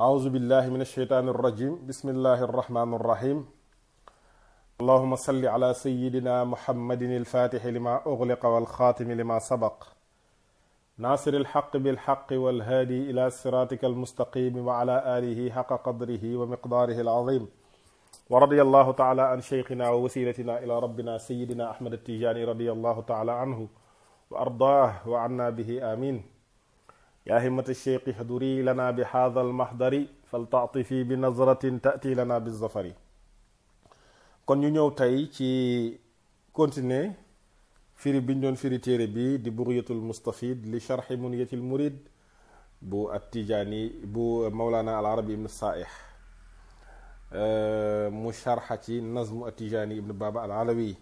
أعوذ بالله من الشيطان الرجيم بسم الله الرحمن الرحيم اللهم صل على سيدنا محمد الفاتح لما أغلق والخاتم لما سبق ناصر الحق بالحق والهادي إلى صراطك المستقيم وعلى آله حق قدره ومقداره العظيم ورضي الله تعالى عن شيخنا ووسيلتنا إلى ربنا سيدنا أحمد التجاني رضي الله تعالى عنه وأرضاه وعنا به آمين يا همة الشيخ احضري لنا بهذا المحضري فلتعطفي بنظرة تأتي لنا بالظفر كون ني نيو تاي تي كونتيني فيري بن دون فيري تيري بي دي بغية المستفيد لشرح منية المريد بو التجاني بو مولانا العربي ابن الصائح مشرحة نظم التجاني ابن بابا العلوي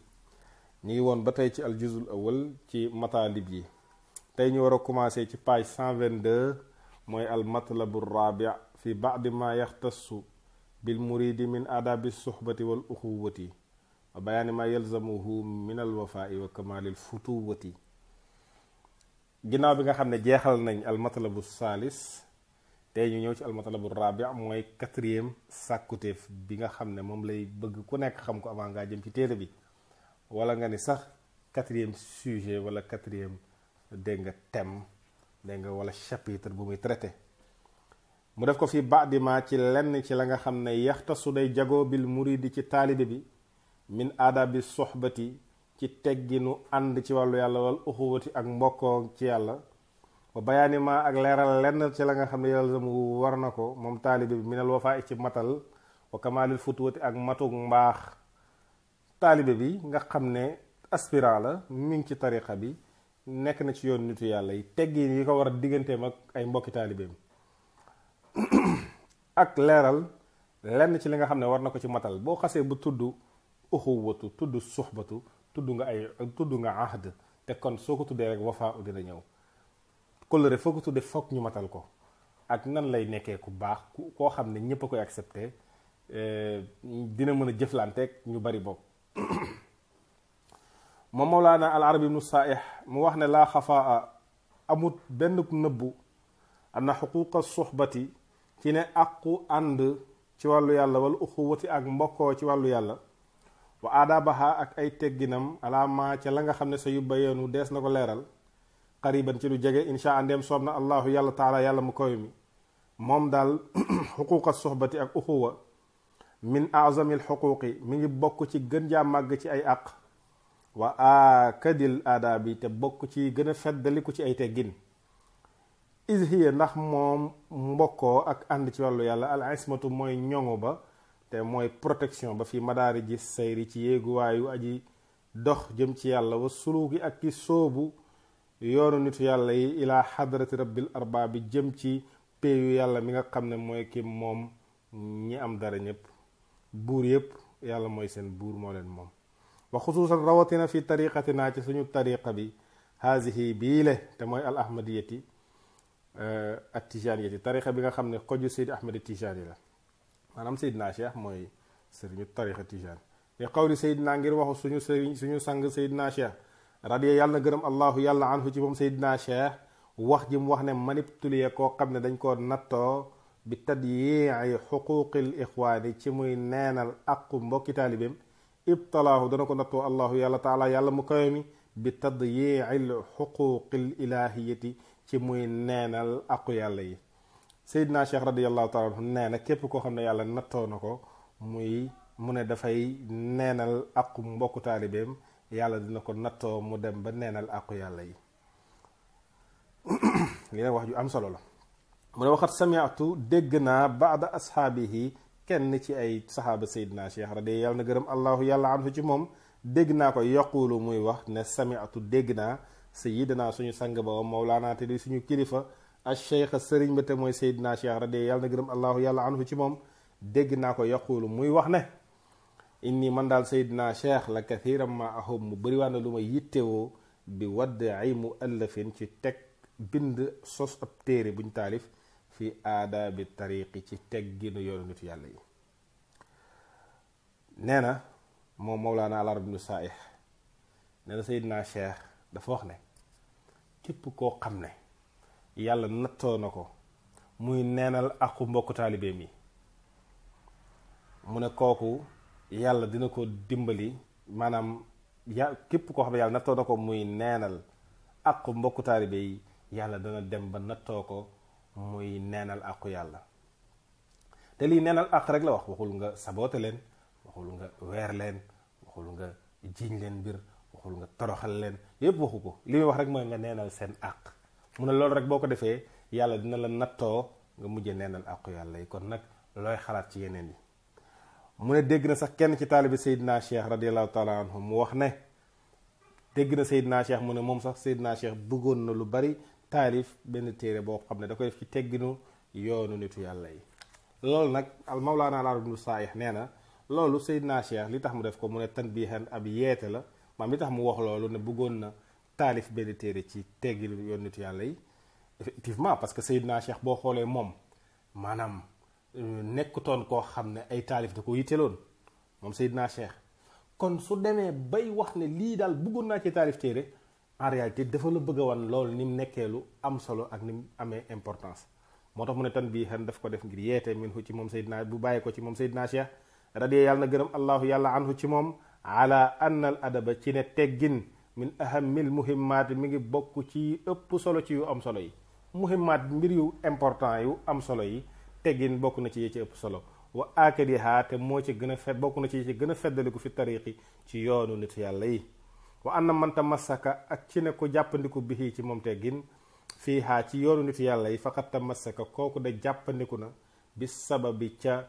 ني وون باتاي تي الجزء الاول تي مطالب يي tey ñu war a commencé ci page 122 mooy al matlabu raabi fi badi ma yaxtassu bil muridi min aadabi suxbati wal uxuwati wa bayaani ma yalzamuhu min al wafaai wa kamalil futuwati ginnaaw bi nga xam ne jeexal nañ al matlabu saalis tey ñu ñëw ci almatalabu rabi mooy quatrième sàkkuteef bi nga xam ne moom lay bëgg ku nekk xam ko avant ngaa jëm ci téere bi wala nga ni sax quatrième sujet wala quatrième dégg nga thème dégg nga wala chapitre bu muy traité mu def ko fi baadima ci lenn ci la nga xam ne yaxta su day jagoo bil muridi ci taalibe bi min aadabi soxbati ci tegginu ànd ci wàllu yàlla wal uxuwati ak mbokkoo ci yàlla wa bayaani ma ak leeral lenn ci la nga xam ne yàlla mu war na ko moom taalibe bi minal wafaa ci matal wa kamaalil futuwati ak matug mbaax taalibe bi nga xam ne aspirant la mi ci tariqa bi nekk na ci yoon nitu yàlla yi teggin yi ko war a digganteem ak ay mbokki taalibeem ak leeral lenn ci li nga xam ne war na ko ci matal boo xasee bu tudd uxuwatu tudd suxbatu tudd nga ay tudd nga ahd te kon soo ko tuddee rek wafaa u na ñëw kóllëre foo ko tuddee foog ñu matal ko ak nan lay nekkee ku baax ku koo xam ne ñépp a koy accepté eh, dina mën a jëflanteek ñu bari bokk moom Mawlaana al Arabi ibnu Saih mu wax ne laa xafaa amut benn nëbbu ana xuquuqa suxbati ci ne aqu ànd ci wàllu yàlla wala uxuwati ak mbokkoo ci wàllu yàlla wa aadaabaha ak ay tegginam alaamaa ca la nga xam sa yu bayeenu dees na ko ci lu jege insha andem soob allah allahu yàlla taala yàlla mu koy mi moom daal xuquuqa suxbati ak uxuwa min azamil xuquuqi mi ngi bokk ci gën jaa màgg ci ay àq waa wa aakadil aadaabi te bokk ci gën a feddaliku ci ay teggin ishiya ndax moom mbokkoo ak ànd ci wàllu yàlla al mooy ñoŋu ba te mooy protection ba fi madaari ji sayri ci yéeguwaayu aji dox jëm ci yàlla wa suluuki ak ci sóobu yoonu nitu yàlla yi ilaa xadrati rabbil arbaabi jëm ci peeyu yàlla mi nga xam ne mooy ki moom ñi am dara ñépp buur yépp yàlla mooy seen buur moo leen moom wa xusuusan rawatina fi tariqatinaa ci suñu tariqa bi haasihi bii le te mooy al ahmadiyati ak tijaaniyati tariqa bi nga xam ne koj xoju seydi ahmadi tijaani la maanaam na cheikh mooy sëriñu tariqa tijaan li qawli seydinaa ngir waxu suñu sëriñ suñu sang seydinaa cheikh radiya yàlla na gërëm allahu yàlla anhu ci moom seydinaa cheikh wax ji mu wax ne maniptuliye koo xam ne dañ koo nattoo bi tadyi'i xuquqil ixwaani ci muy neenal ak mbokki taalibeem ibtalaahu dana ko nattoo allahu yàlla taala yàlla mu kawe mi bi tadyiil xuquqil ilaahiyati ci muy neenal aqu yàlla yi Seydina Cheikh radiallahu taala anhu nee na képp koo xam ne yàlla nattoo na ko muy mu ne dafay neenal aqu mbokku taalibeem yàlla dina ko nattoo mu dem ba neenal aqu yàlla yi li nag wax ju am solo la mu ne waxat samiatu dégg naa baada ashaabihi kenn ci ay saxaaba Seydina Cheikh radi yàlla na gërëm allahu yàlla anhu ci moom dégg naa ko yaqulu muy wax ne samiatu dégg naa sayidina suñu sang ba wa mawlaana te di suñu kilifa a cheikh sëriñ ba te mooy Seydina Cheikh radi yàlla na gërëm allahu yàlla anhu ci moom dégg naa ko yaqulu muy wax ne inni man daal seydinaa Cheikh la kathiran ma ahum mu bëriwaan na lu ma yittewoo bi wadd ay mu ëllëfin ci teg bind sos ab téere buñ taalif fi aadaabi tariqi ci tegginu yoonu nitu yàlla yi nee na moom Mawlaana al-Arab ibnu Saaih nee na Seydina Cheikh dafa wax ne képp koo xam ne yàlla nattoo na ko muy neenal ak mbokku taalibeem yi mu yàlla dina ko dimbali maanaam ya képp koo xam ne ko muy neenal aqu mbokku taalibe yi yàlla dana dem ba nattoo ko muy neenal àqu yàlla te lii neenal àq rek la wax waxul nga saboote leen waxul nga weer leen waxul nga jiiñ leen mbir waxul nga toroxal leen yépp waxu ko li muy wax rek mooy nga neenal seen àq mu ne loolu rek boo ko defee yàlla dina la nattoo nga mujje neenal àqu yàlla yi kon nag looy xalaat ci yeneen yi mu ne dégg na sax kenn ci taalibi Seydina Cheikh radiallahu taala anhu mu wax ne dégg na Seydina Cheikh mu ne moom sax Seydina Cheikh bëggoon na lu bari taarif benn téere boo xam ne da ko def ci tegginu yoonu nitu yàlla yi loolu nag al mawlaana al arabnu saayix nee na loolu Seydina Cheikh li tax mu def ko mu ne tanbihan ab yeete la maam li tax mu wax loolu ne bëggoon na taalif benn téere ci tegginu yoonu nitu yàlla yi effectivement parce que Seydina Cheikh boo xoolee moom maanaam nekkutoon koo xam ne ay taalif da ko yitteloon moom Seydina Cheikh kon su demee bay wax ne lii daal bëggoon naa ci taalif téere en réalité dafa la bëgg a wan loolu ni mu nekkee lu am solo ak ni mu amee importance moo tax mu ne tan bii xen daf ko def ngir yeete min hu ci moom Seydina bu bàyyi ko ci moom Seydina Cheikh radiya yàlla na gërëm allahu yàlla an anhu ci moom ala anna al adaba ci ne teggin min ahamil muhimmaat mi ngi bokk ci ëpp solo ci yu am solo yi muhimmaat mbir yu important yu am solo yi teggin bokk na ci yi ci ëpp solo wa aakariha te moo ci gën a fet bokk na ci yi gën a feddaliku fi tariqi ci yoonu nit yàlla yi waa anna manta masaka ak ci ne ko jàppandiku bi bixii ci moom teggin fii haa ci yoonu nitu yàlla yi faqat masaka kooku de jàppandiku na bi sababi ca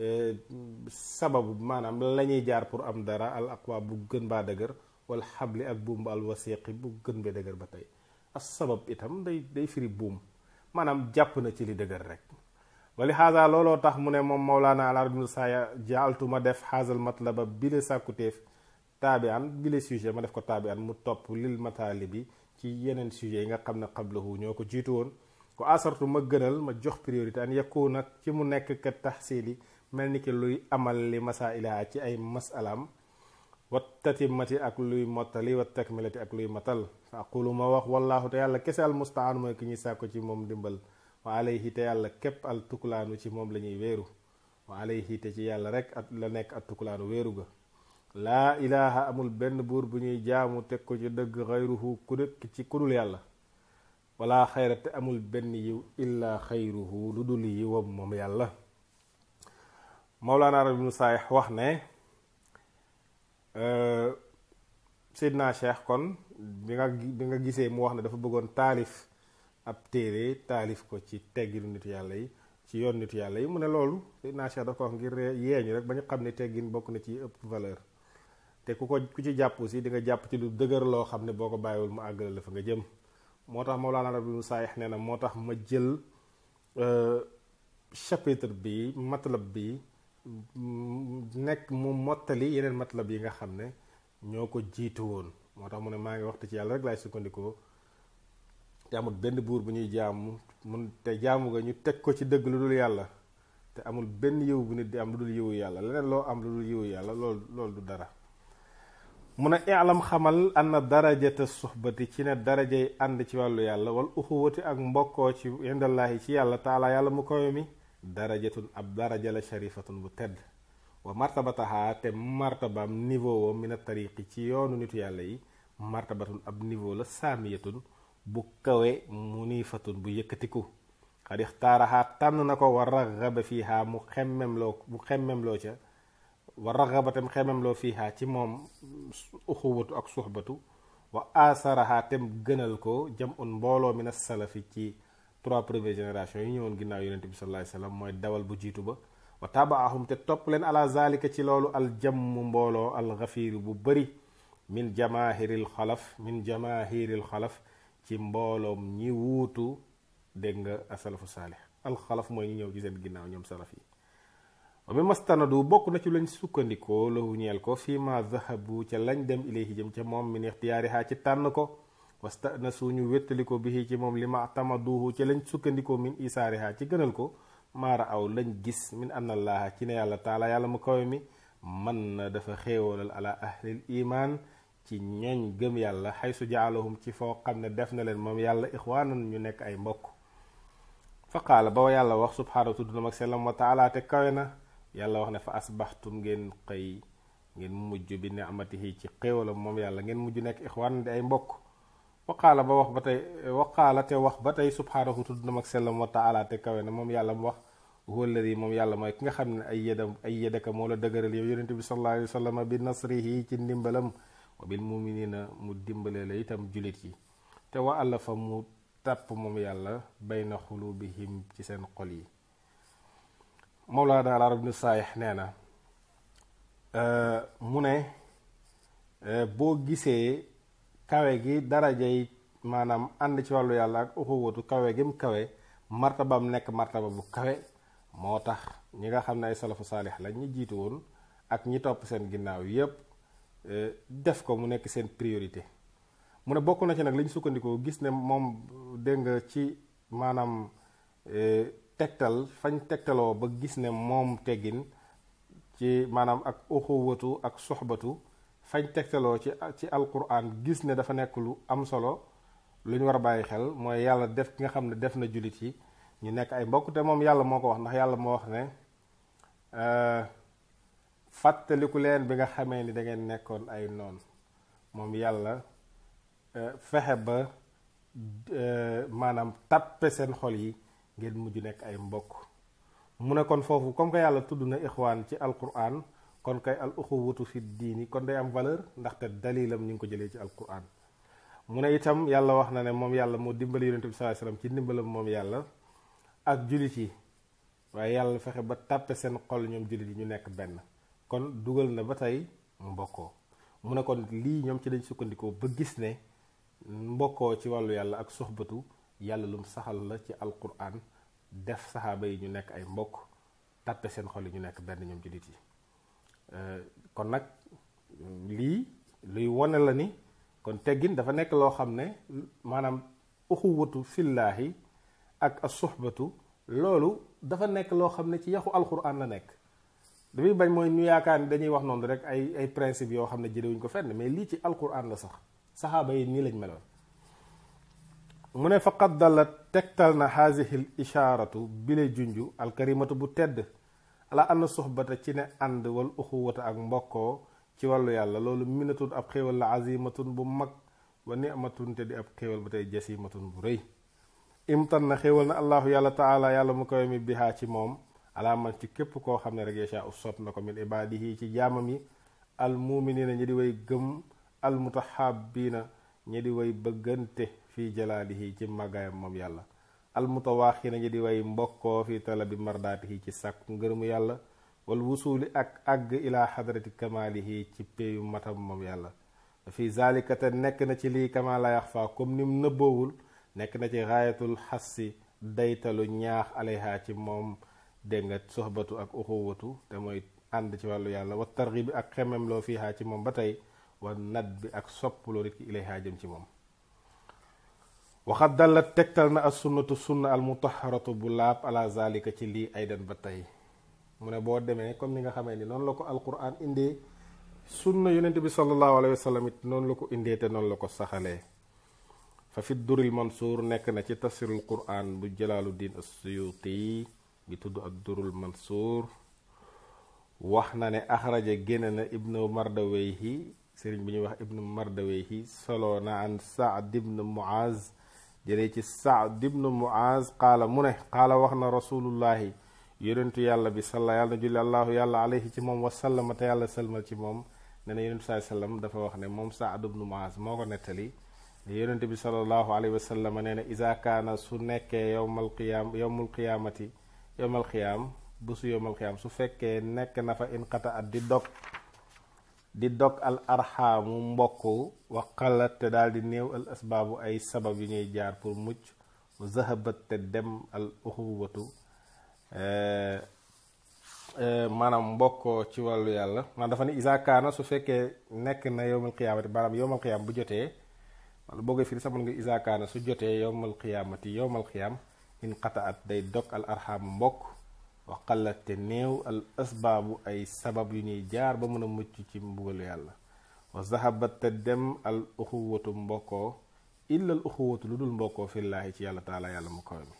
e, sababu maanaam la ñuy jaar pour am dara al aqwa bu gën baa dëgër wala xabli ak buum ba al wasiqi bu gën bee dëgër ba tey as sabab itam day day firi buum maanaam jàpp na ci li dëgër rek wali xaasa looloo tax mu ne moom mawlaana al arabinu saaya jaaltu ma def xaasal matlaba bi le sàkkuteef taabiyaan bi la sujet ma def ko taabiyaan mu topp lil mataali bi ci yeneen sujet yi nga xam ne xablahu ñoo ko jiitu woon ko asartu ma gënal ma jox priorité an nag ci mu nekk kat taxsili mel ni ki luy amal li masaaila ci ay masalaam wat tatimati ak luy mottali wat takmilati ak luy matal fa aqulu ma wax wallaahu te yàlla kese al mustaan mooy ki ñuy sàkko ci moom dimbal wa alayhi te yàlla képp al tukulaanu ci moom la ñuy wéeru wa alayhi te ci yàlla rek at la nekk at tukulaanu wéeru ga La ilaha amul ben bur bu ñuy jaamu tek ko ci deug ghayruhu ku nek ci kudul yalla wala xayra te amul ben yu illa khairuhu ludul yi yiwam mom yalla maulana rabbi saayix wax ne euh, sidna cheikh kon bi nga bi nga gisee mu wax ne dafa bëggoon taalif ab téere taalif ko ci tegginu nit yàlla yi ci yoon nit yàlla yi mu ne loolu sidna cheikh da ko ngir yeeñu rek ba ñu xam ne teggin bokk na ci ëpp valeur te ku ko ku ci japp si di nga japp ci lu dëgër lo xam boko bayiwul mu àggale la fa nga jëm motax maulana mawlaana rabiul saayix motax ma jël euh chapitre bi matlab bi mm, nek mu motali yeneen matlab yi nga xam ñoko jitu won motax mu ne ma ngi waxtu ci yalla rek lay sukkandiko te amul benn buur bu ñuy jaamu mun te jaamu ga ñu tek ko ci deug lu dul yalla te amul benn yewu bu nit di am lu dul yewu yalla leneen lo am lu dul yewu yalla lool lool du dara mu ne i'lam xamal anna darajata suxbati ci ne darajay ànd ci wàllu yàlla wal uxuwati ak mbokkoo ci indallaahi ci yàlla taalaa yàlla mu kowe mi darajatun ab daraja la sharifatun bu tedd wa martabataha te martabaam niveau wa mina tariqi ci yoonu nitu yàlla yi martabatun ab niveau la saamiyatun bu kawe munifatun bu yëkkatiku xad ixtaaraha tànn na ko wa raxaba fiiha mu xemmemloo mu xemmemloo ca wa raxabatam xemem loo fiihaa ci moom uxuwatu ak suxbatu wa asaraha tem gënal ko jam un mbooloo mi na salafi ci trois premières générations yi ñëwoon ginnaaw yonente bi sallallahu alayhi mooy dawal bu jiitu ba wa tabaahum te topp leen ala zalika ci loolu al jammu mbooloo al xafiir bu bëri min jamaahiril xalaf min jamaahiril xalaf ci mbooloom ñi wuutu dégg nga asalafu al alxalaf mooy ñu ñëw ci seen ginnaaw ñoom salaf yi mima stanadu bokk na ci lañ sukkandikoo lahu ñeel ko fii ma zahabu ca lañ dem ilayhi jëm ca moom min ixtiyaariha ci tànn ko wastanasu ñu wéttaliko bihi ci moom li ma tamaduhu ca lañ sukkandikoo min isaariha ci gënal ko maara aw lañ gis min anna allaha ci ne yàlla taala yàlla mu kawe mi man na dafa xéewalal ala ahlil iman ci ñooñ gëm yàlla xaysu jaalahum ci foo xam ne def na leen moom yàlla ixwaanan ñu nekk ay mbokk fa qaala ba yàlla wax subhaana tudd na mag sellam wa taala te kawe na yàlla wax ne fa asbaxtum ngeen xëy ngeen mujj bi ni'matihi ci xéewalam moom yàlla ngeen mujj nekk ixwaan di ay mbokk waqaala ba wax ba tey waqaala te wax ba tey subhaanahu tudd na mag sellam wa taala te kawe na moom yàlla mu wax huwa alladi moom yàlla mooy ki nga xam ne ay yedam ay yedaka moo la dëgëral yow yonente bi sallallahu alayhi wa sallam bi nasrihi ci ndimbalam wa bil muminina mu dimbalee la itam julit yi te wa allafa mu tàpp moom yàlla bayna xulubihim ci seen xol yi Mawlaana al Arab ibnu Saayix nee na euh, mu ne euh, boo gisee kawe gi darajay maanaam ànd ci wàllu yàlla ak uxuwatu kawe gim kawe martabam nekk martaba bu kawe moo tax ñi nga xam ne ay salafu saalix la ñi jiitu woon ak ñi topp seen ginnaaw yépp euh, def ko mu nekk seen priorité mu ne bokk na ci nag li ñu sukkandikoo gis ne moom dégg nga ci maanaam tektal fañ tegtaloo ba gis ne moom teggin ci maanaam ak uxuwatu ak soxbatu fañ tegtaloo ci ci alquran gis ne dafa nekk lu am solo lu ñu war a bàyyi xel mooy yàlla def ki nga xam ne def na julit yi ñu nekk ay mbokk te moom yàlla moo ko wax ndax yàlla moo wax ne fàttaliku leen bi nga xamee ni da ngeen nekkoon ay noon moom yàlla fexe ba maanaam tàppe seen xol yi ngeen mujj nekk ay mbokk mu ne kon foofu comme que yàlla tudd na ixwaan ci alquran kon kay al uxuwatu fi diini kon day am valeur ndaxte dalilam ñu ngi ko jëlee ci alquran mu ne itam yàlla wax na ne moom yàlla moo dimbali yonente bi sallallahu alayhi wasallam ci ndimbalam moom yàlla ak julit yi waaye yàlla fexe ba tàppe seen xol ñoom julit yi ñu nekk benn kon dugal na ba tey mbokkoo mu ne kon lii ñoom ci dañ sukkandikoo ba gis ne mbokkoo ci wàllu yàlla ak soxbatu yàlla lum saxal la ci alquran def saxaaba yi ñu nekk ay mbokk tàppe seen xol yi ñu nekk benn ñoom jullit yi euh, kon nag lii luy wone la ni kon teggin dafa nekk loo xam ne maanaam uxuwatu fillaahi ak asuxbatu loolu dafa nekk loo xam ne ci yaxu alquran la nekk dafay bañ mooy ñu yaakaar ni dañuy wax noonu rek ay ay principe yoo xam ne jëlewuñ ko fenn mais lii ci alquran la sax saxaaba yi nii lañ meloon mu ne faqat dalla tegtal na haasihi l ishaaratu bile junju alkarimatu bu tedd ala ann suxbata ci ne ànd wal uxuwata ak mbokkoo ci wàllu yàlla loolu minatun ab xéewal la azimatun bu mag wa nimatun te di ab xéewal ba tey jasimatun bu rëy imtan na xéewal na allahu yàlla taala yàlla mu koy mi bihaa ci moom alaa ci képp koo xam ne rek yasha u sot na ko min ibaadihi ci jaamam yi al muminina ñi di way gëm al mutahabina ñi di way bëggante fii jalaalihi ci màggaayam moom yàlla al mutawaaxina ñi di way mbokkoo fi talabi mardaatihi ci sàkku ngërëmu yàlla wal wusuuli ak àgg ilaa xadrati kamaalihi ci péyu matam moom yàlla fi zalika te nekk na ci lii kama la yaxfa comme nim nëbboowul nekk na ci raayatul xassi daytalu ñaax alayha ci moom dégg nga ak uxuwatu te mooy ànd ci wàllu yàlla wa targi bi ak xemem loo fiihaa ci moom ba wa nat ak soppaloo rit ilayha jëm ci moom waxat dal tektal na as sunnatu sunna al mutahharatu bulab ala zalika ci li aydan batay, tey mu ne comme ni nga xamé ni non la ko alquran indi sunna yunus bi salallahu alayhi wasallam non la ko te non la ko fa fi duril mansur, nek na ci tafsirul quran bu jalaluddin as-suyuti bi tuddu ad durul mansur waxna ne ibnu mardawayhi serigne biñu wax ibnu mardawayhi solo na an sa'd ibnu muaz جري تي سعد بن معاذ قال من قال وخنا رسول الله يرنت يالا بي صلى يالنا جل الله يالا عليه تي موم وسلم تي يالا سلم تي موم نانا يرنت صلى الله عليه وسلم دا فا سعد بن معاذ موكو نتالي يرنت بي الله عليه وسلم نانا اذا كان سو نيك يوم القيام يوم القيامه يوم القيام بوس يوم القيام سو فكه نيك نفا انقطع دي di dog al arxaamu mbokk waqalat te daal di néew al asbaabu ay sabab yu ñuy jaar pour mucc wa zahabat te dem al uxuwatu eh, eh, maanaam mbokkoo ci wàllu yàlla man dafa ne isaakaana su fekkee nekk na yowmal qiyaamati maanaam yowmal qiyaam bu jotee wala boo koy firi sax mën nga isaakaana su jotee yowmal qiyaamati yowmal qiyaam in qataat day dog al arxaamu mbokk waxqalat te néew al asbaabu ay sabab yu ñuy jaar ba mën a mucc ci mbugalu yàlla wa zahabat te dem al uxuwatu mbokkoo illa al uxuwatu lu dul mbokkoo fillaahi ci yàlla taala yàlla mu kawe mi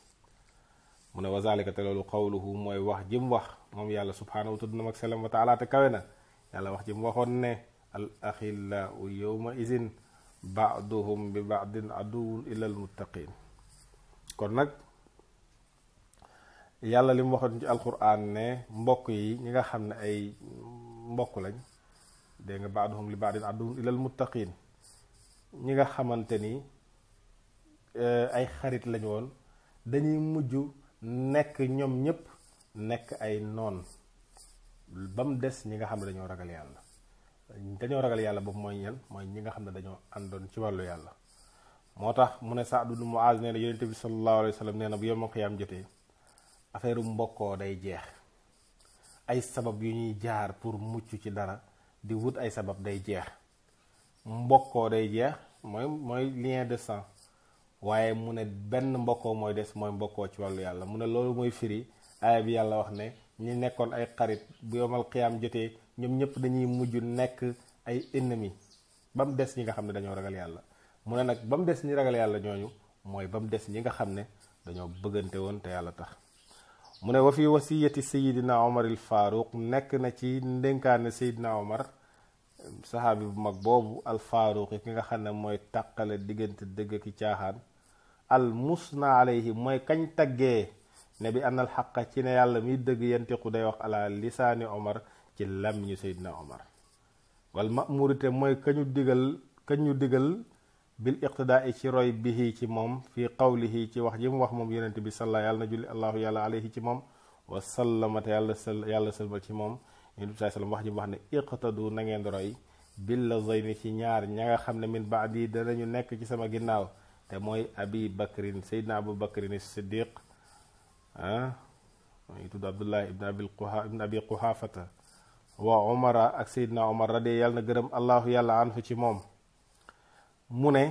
mu ne wa zalika te loolu qawluhu mooy wax jëm wax moom yàlla subhaanahu tudd na mag selam wa taala te kawe na yàlla wax jëm waxoon ne al axillaau yowma isin baaduhum bi baadin aduwun illa al muttaqin kon nag yalla lim waxon ci alquran ne mbokk yi ñi nga xamne ay mbokk lañ de nga baaduhum li baadin adduhum ilal muttaqin ñi nga xamanteni euh ay xarit lañ won dañuy muju nek ñom ñep nek ay non bam dess des ñi nga xamne dañoo ragal yalla dañoo ragal yalla boobu moy ñal moy ñi nga xamne dañoo andon ci walu yalla motax mu ne saadu nu muaz nee na bi sallallahu alayhi wasallam sallam na bu yom qiyam jete affaire mboko day jeex ay sabab yu ñuy jaar pour muccu ci dara di wut ay sabab day jeex mboko day jeex moy moy lien de sang waye mu ne ben mboko moy des moy mboko ci walu yalla mu ne lolu moy firi ay bi yalla wax ne ñi nekkon ay xarit bu yomal qiyam jote ñom ñep dañuy muju nekk ay ennemi bam dess des ñi nga xamne dañoo ragal yalla mu ne nak bam dess des ñi ragal yalla ñoñu moy bam dess des ñi nga xamne dañoo bëggante won te yalla tax mu ne wa fi wasiyati sayidina omar il nekk na ci ndénkaane sayidina omar saxaabi bu mag boobu al faaruq ki nga xam ne mooy taqale diggante dëgg ki caaxaan al musna alayhi mooy kañ taggee ne bi anal xaqa ci ne yàlla mi dëgg yantiqu day wax ala lisaani omar ci lam ñu sayidina omar wal mamurite mooy kañu digal kañu digal bil iqtidaa ci roy bihi ci moom fi qawlihi ci wax ji mu wax moom yonent bi salla yàlla na julli allahu yàlla alayhi ci moom wa sallamata yàlla sal yàlla sëlmal ci moom yonent bi saa sallam wax ji mu wax ne iqtadu na ngeen roy billa zeyni ci ñaar ña nga xam ne min baadi danañu nekk ci sama ginnaaw te mooy abi bakrin seydna abu bakrin siddiq ah maa ngi tudd abdullah ibn abi quha ibn abi quhafata wa omara ak seydna omar radi yàlla na gërëm allahu yàlla anhu ci moom mu ne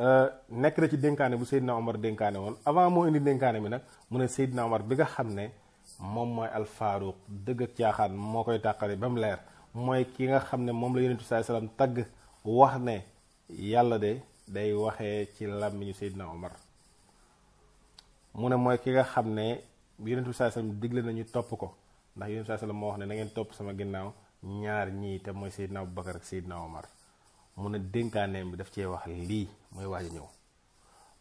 euh, nekk na ci dénkaane bu Seydina Omar dénkaane woon avant moo indi dénkaane bi nag mu ne Seydina Omar bi nga xam ne moom mooy alfaaruq dëgg caaxaan moo koy tàqale ba mu leer mooy ki nga xam ne moom la yonent bi saai sallam tagg wax ne yàlla de day waxee ci làmmiñu Seydina Omar mu ne mooy ki nga xam ne yonent bi saai sallam digle nañu topp ko ndax yonent bi saai sallam moo wax ne na ngeen topp sama ginnaaw ñaar ñii te mooy Seydina Abubakar ak Seydina Omar mune ne dénkaaneem bi daf ci wax lii moy waji ñew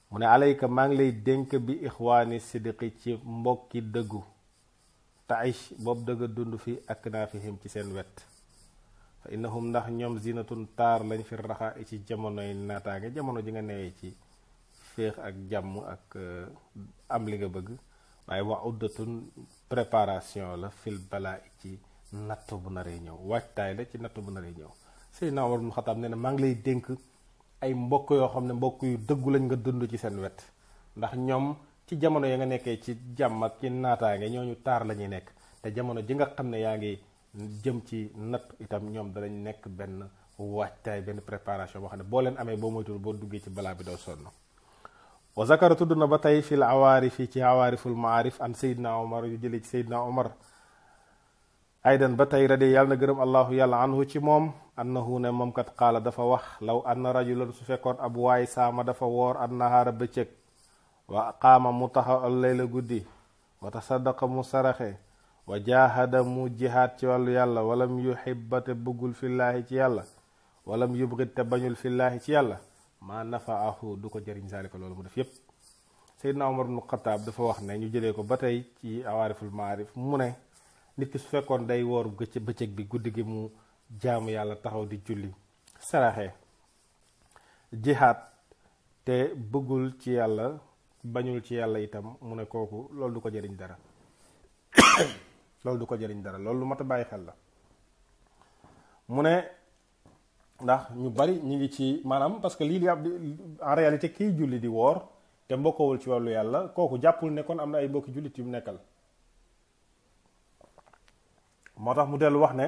mune alayka maa ngi lay denk bi ikhwani sidiqi ci mbokki deggu taish bob deug dund fi akna fi fihim ci sen wet fa innahum ndax ñom zinatun tar lañ fi raxa ci nata nga jamono ji nga newe ci feex ak jamm ak euh, am li nga bëgg waye wa uddatun préparation la fil bala ci natt bu naree ñew waccay la ci bu ñew Seydina Omar ibn Khattab nee na maa ngi lay dénk ay mbokk yoo xam ne mbokk yu dëggu lañ nga dund ci seen wet ndax ñoom ci jamono ya nga nekkee ci jàmm ak ci naataange ñooñu taar la ñuy nekk te jamono ji nga xam ne yaa ngi jëm ci natt itam ñoom danañ nekk benn waajtaay benn préparation boo xam ne boo leen amee boo moytul boo duggee ci balaa bi doo sonn wa tudd na ba tey fil awaarif yi ci awaariful maarif an Seydina Omar yu jëlee ci Seydina Omar aydan ba tey radi yàlla na gërëm allahu yàlla anhu ci moom annahu ne moom kat xaala dafa wax law anna rajulan su fekkoon ab waay saama dafa woor an nahaara bëccëg wa qaama mu taxaw al layla guddi wa tasaddaqa mu saraxe wa jaahada mu jihaad ci wàllu yàlla walam yuhibba te bëggul fillaahi ci yàlla walam yubrit te bañul fillaahi ci yàlla maa nafaahu du ko jëriñ saalika loolu mu def yépp Seydina Omar ibnu Xataab dafa wax ne ñu jëlee ko ba tey ci awaariful maarif mu ne nit ki su fekkoon day woor bëccëg jaamu yàlla taxaw di julli saraxe jihaad te bëggul ci yàlla bañul ci yàlla itam mu ne kooku loolu du ko jëriñ dara loolu du ko jëriñ dara loolu lu mat a bàyyi xel la mu ne ndax ñu bari ñu ngi ci maanaam parce que lii am ab en réalité kiy julli di woor te mbokkowul ci wàllu yàlla kooku jàppul nekkoon am na ay mbokki jullit yu mu nekkal moo tax mu dellu wax ne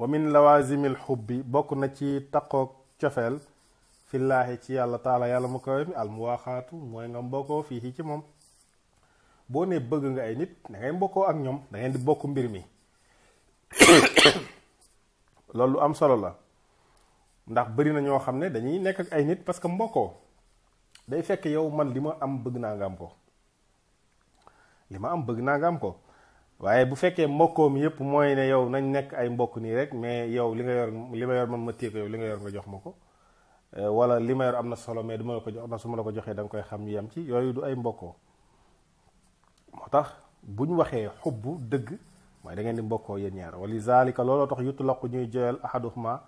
wa min lawazimil xubbi bokk na ci taqoog cofeel fillaahi ci yàlla taala yàlla mu kawe mi almuwaaxaatu mooy nga mbokkoo fii ci moom boo ne bëgg nga ay nit da mbokkoo ak ñoom da di bokk mbir mi loolu am solo la ndax bari na ñoo xam ne dañuy nekk ak ay nit parce que mbokkoo day fekk yow man li ma am bëgg naa nga am ko li ma am bëgg naa nga am ko waaye bu fekkee mbokkoom yépp mooy ne yow nañ nekk ay mbokk nii rek mais yow li nga yor li ma yor man ma téye yow li nga yor nga jox ma ko wala li ma yor am na solo mais du ma la ko jox na su ma la ko joxee da nga koy xam ñu yem ci yooyu du ay mbokkoo moo tax bu ñu waxee xubbu dëgg mooy da ngeen di mbokkoo yéen ñaar wali zalika looloo tax yutlaqu ñuy joyal ahaduhuma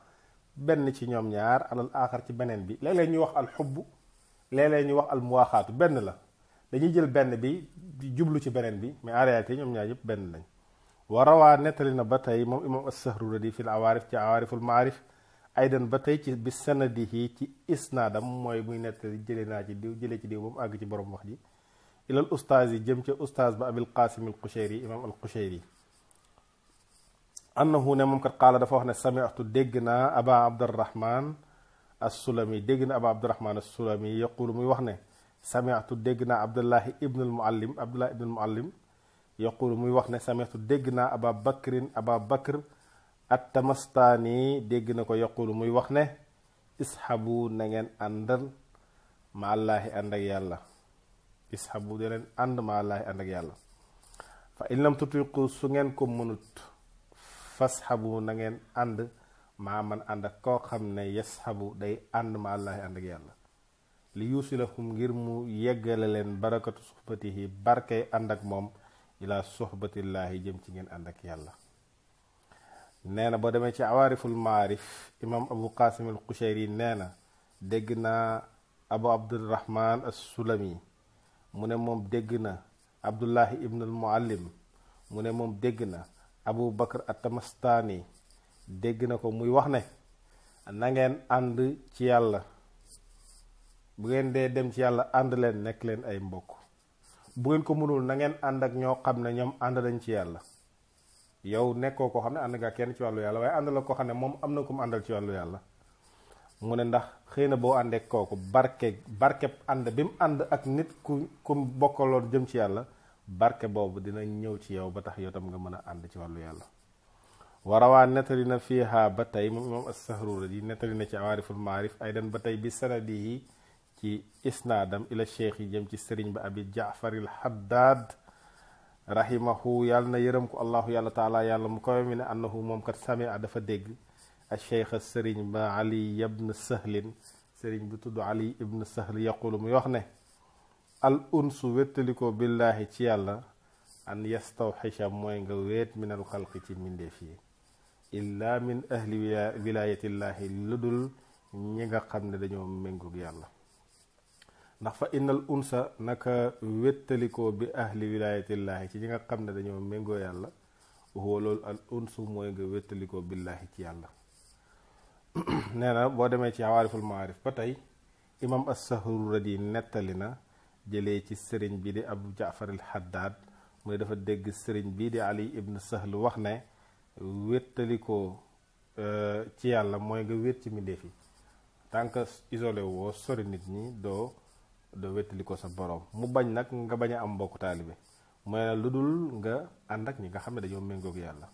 benn ci ñoom ñaar alal aaxar ci beneen bi léeg-léeg ñu wax al xubbu léeg-léeg ñu wax al muwaaxaatu benn la dañuy jël benn bi jublu ci beneen bi mais en réalité ñoom ñaar yëpp benn lañ waa rawaa nettali na ba tey moom imam as-Sahrudi fi l awaarif ci awaariful maarif aydan ba tey ci bi sanadihi ci isnaadam mooy muy nettali jëlee naa ci diw jëlee ci diw moom mu àgg ci borom wax ji ilal ustaaz yi jëm ca ustaaz ba abil qaasim al qushayri imam al qushayri annahu ne moom kat qaala dafa wax ne sami'tu dégg naa aba abdurrahman as sulami dégg na aba abdurrahman as sulami yaqulu muy wax ne samiatu dégg naa abdullahi ibnul muallim abdullahi ibnul muallim yaqulu muy wax ne samiatu dégg naa aba bakrin aba bakr at tamastaani dégg na ko yaqulu muy wax ne ishabu na ngeen àndal ma allaahi ànd ak yàlla ishabu da ngeen ànd yàlla fa su ngeen ko mënut fashabu na ngeen ànd maa koo xam ne yashabu day ànd ma allaahi ànd ak yàlla li yusilahum ngir mu yeggale leen barakatu suxbatihi barkay ànd ak moom ilaa suxbatillaahi jëm ci ngeen ànd ak yàlla nee na boo demee ci awaariful maarif imam abu qasim al qushayri nee na dégg naa abu abdurahman as sulami mu ne moom dégg na abdullahi ibn muallim mu ne moom dégg na abu bakar atamastaani dégg na ko muy wax ne na ànd ci yàlla bu ngeen dee dem ci yàlla ànd leen nekk leen ay mbokk bu ngeen ko mënul na ngeen ànd ak ñoo xam ne ñoom ànd nañ ci yàlla yow nekkoo koo xam ne ànd nga kenn ci wàllu yàlla waaye ànd la koo xam ne moom am na mu àndal ci wàllu yàlla mu ne ndax xëy na boo àndee kooku barke barke ànd bi mu ànd ak nit ku ku bokkaloon jëm ci yàlla barke boobu dina ñëw ci yow ba tax yow tam nga mën a ànd ci wàllu yàlla warawaa nettali na fiha ba tey as na ci awaariful maarif ba tey bi sanadihi ci isnaadam ila cheikh yi jëm ci sëriñ ba abi jaafaril haddaad rahimahu yàlla na yërëm ko allahu yàlla taala yàlla mu koy mi ne annahu moom kat samia dafa dégg a cheikh sëriñ ba ali ibn sëriñ bi tudd ali ibn sahl yaqulu muy wax ne al unsu wéttalikoo billaahi ci yàlla an yastawxisha mooy nga weet minal xalqi ci mbindeef yi illaa min ahli wilaayatillaahi lu dul ñi nga xam ne dañoo méngug yàlla ndax fa innal unsa naka wéttalikoo bi ahli wilaayatillaahi ci ñi nga xam ne dañoo méngoo yàlla waxuwa loolu al unsu mooy nga wéttalikoo billaahi ci yàlla nee boo demee ci awaariful maarif ba tey imam as-Sahruradi nettali na jëlee ci sëriñ bi di abu jaafar al xaddaad dafa dégg sëriñ bi di ali ibn sahl wax ne wéttalikoo euh, ci yàlla mooy nga wét ci mbindéef yi tànk isolé woo sori nit ñi doo do wetali ko sa borom mu bañ nak nga baña am bokku taalibe mu la lu nga andak ñi nga xam dañu mengo ak yalla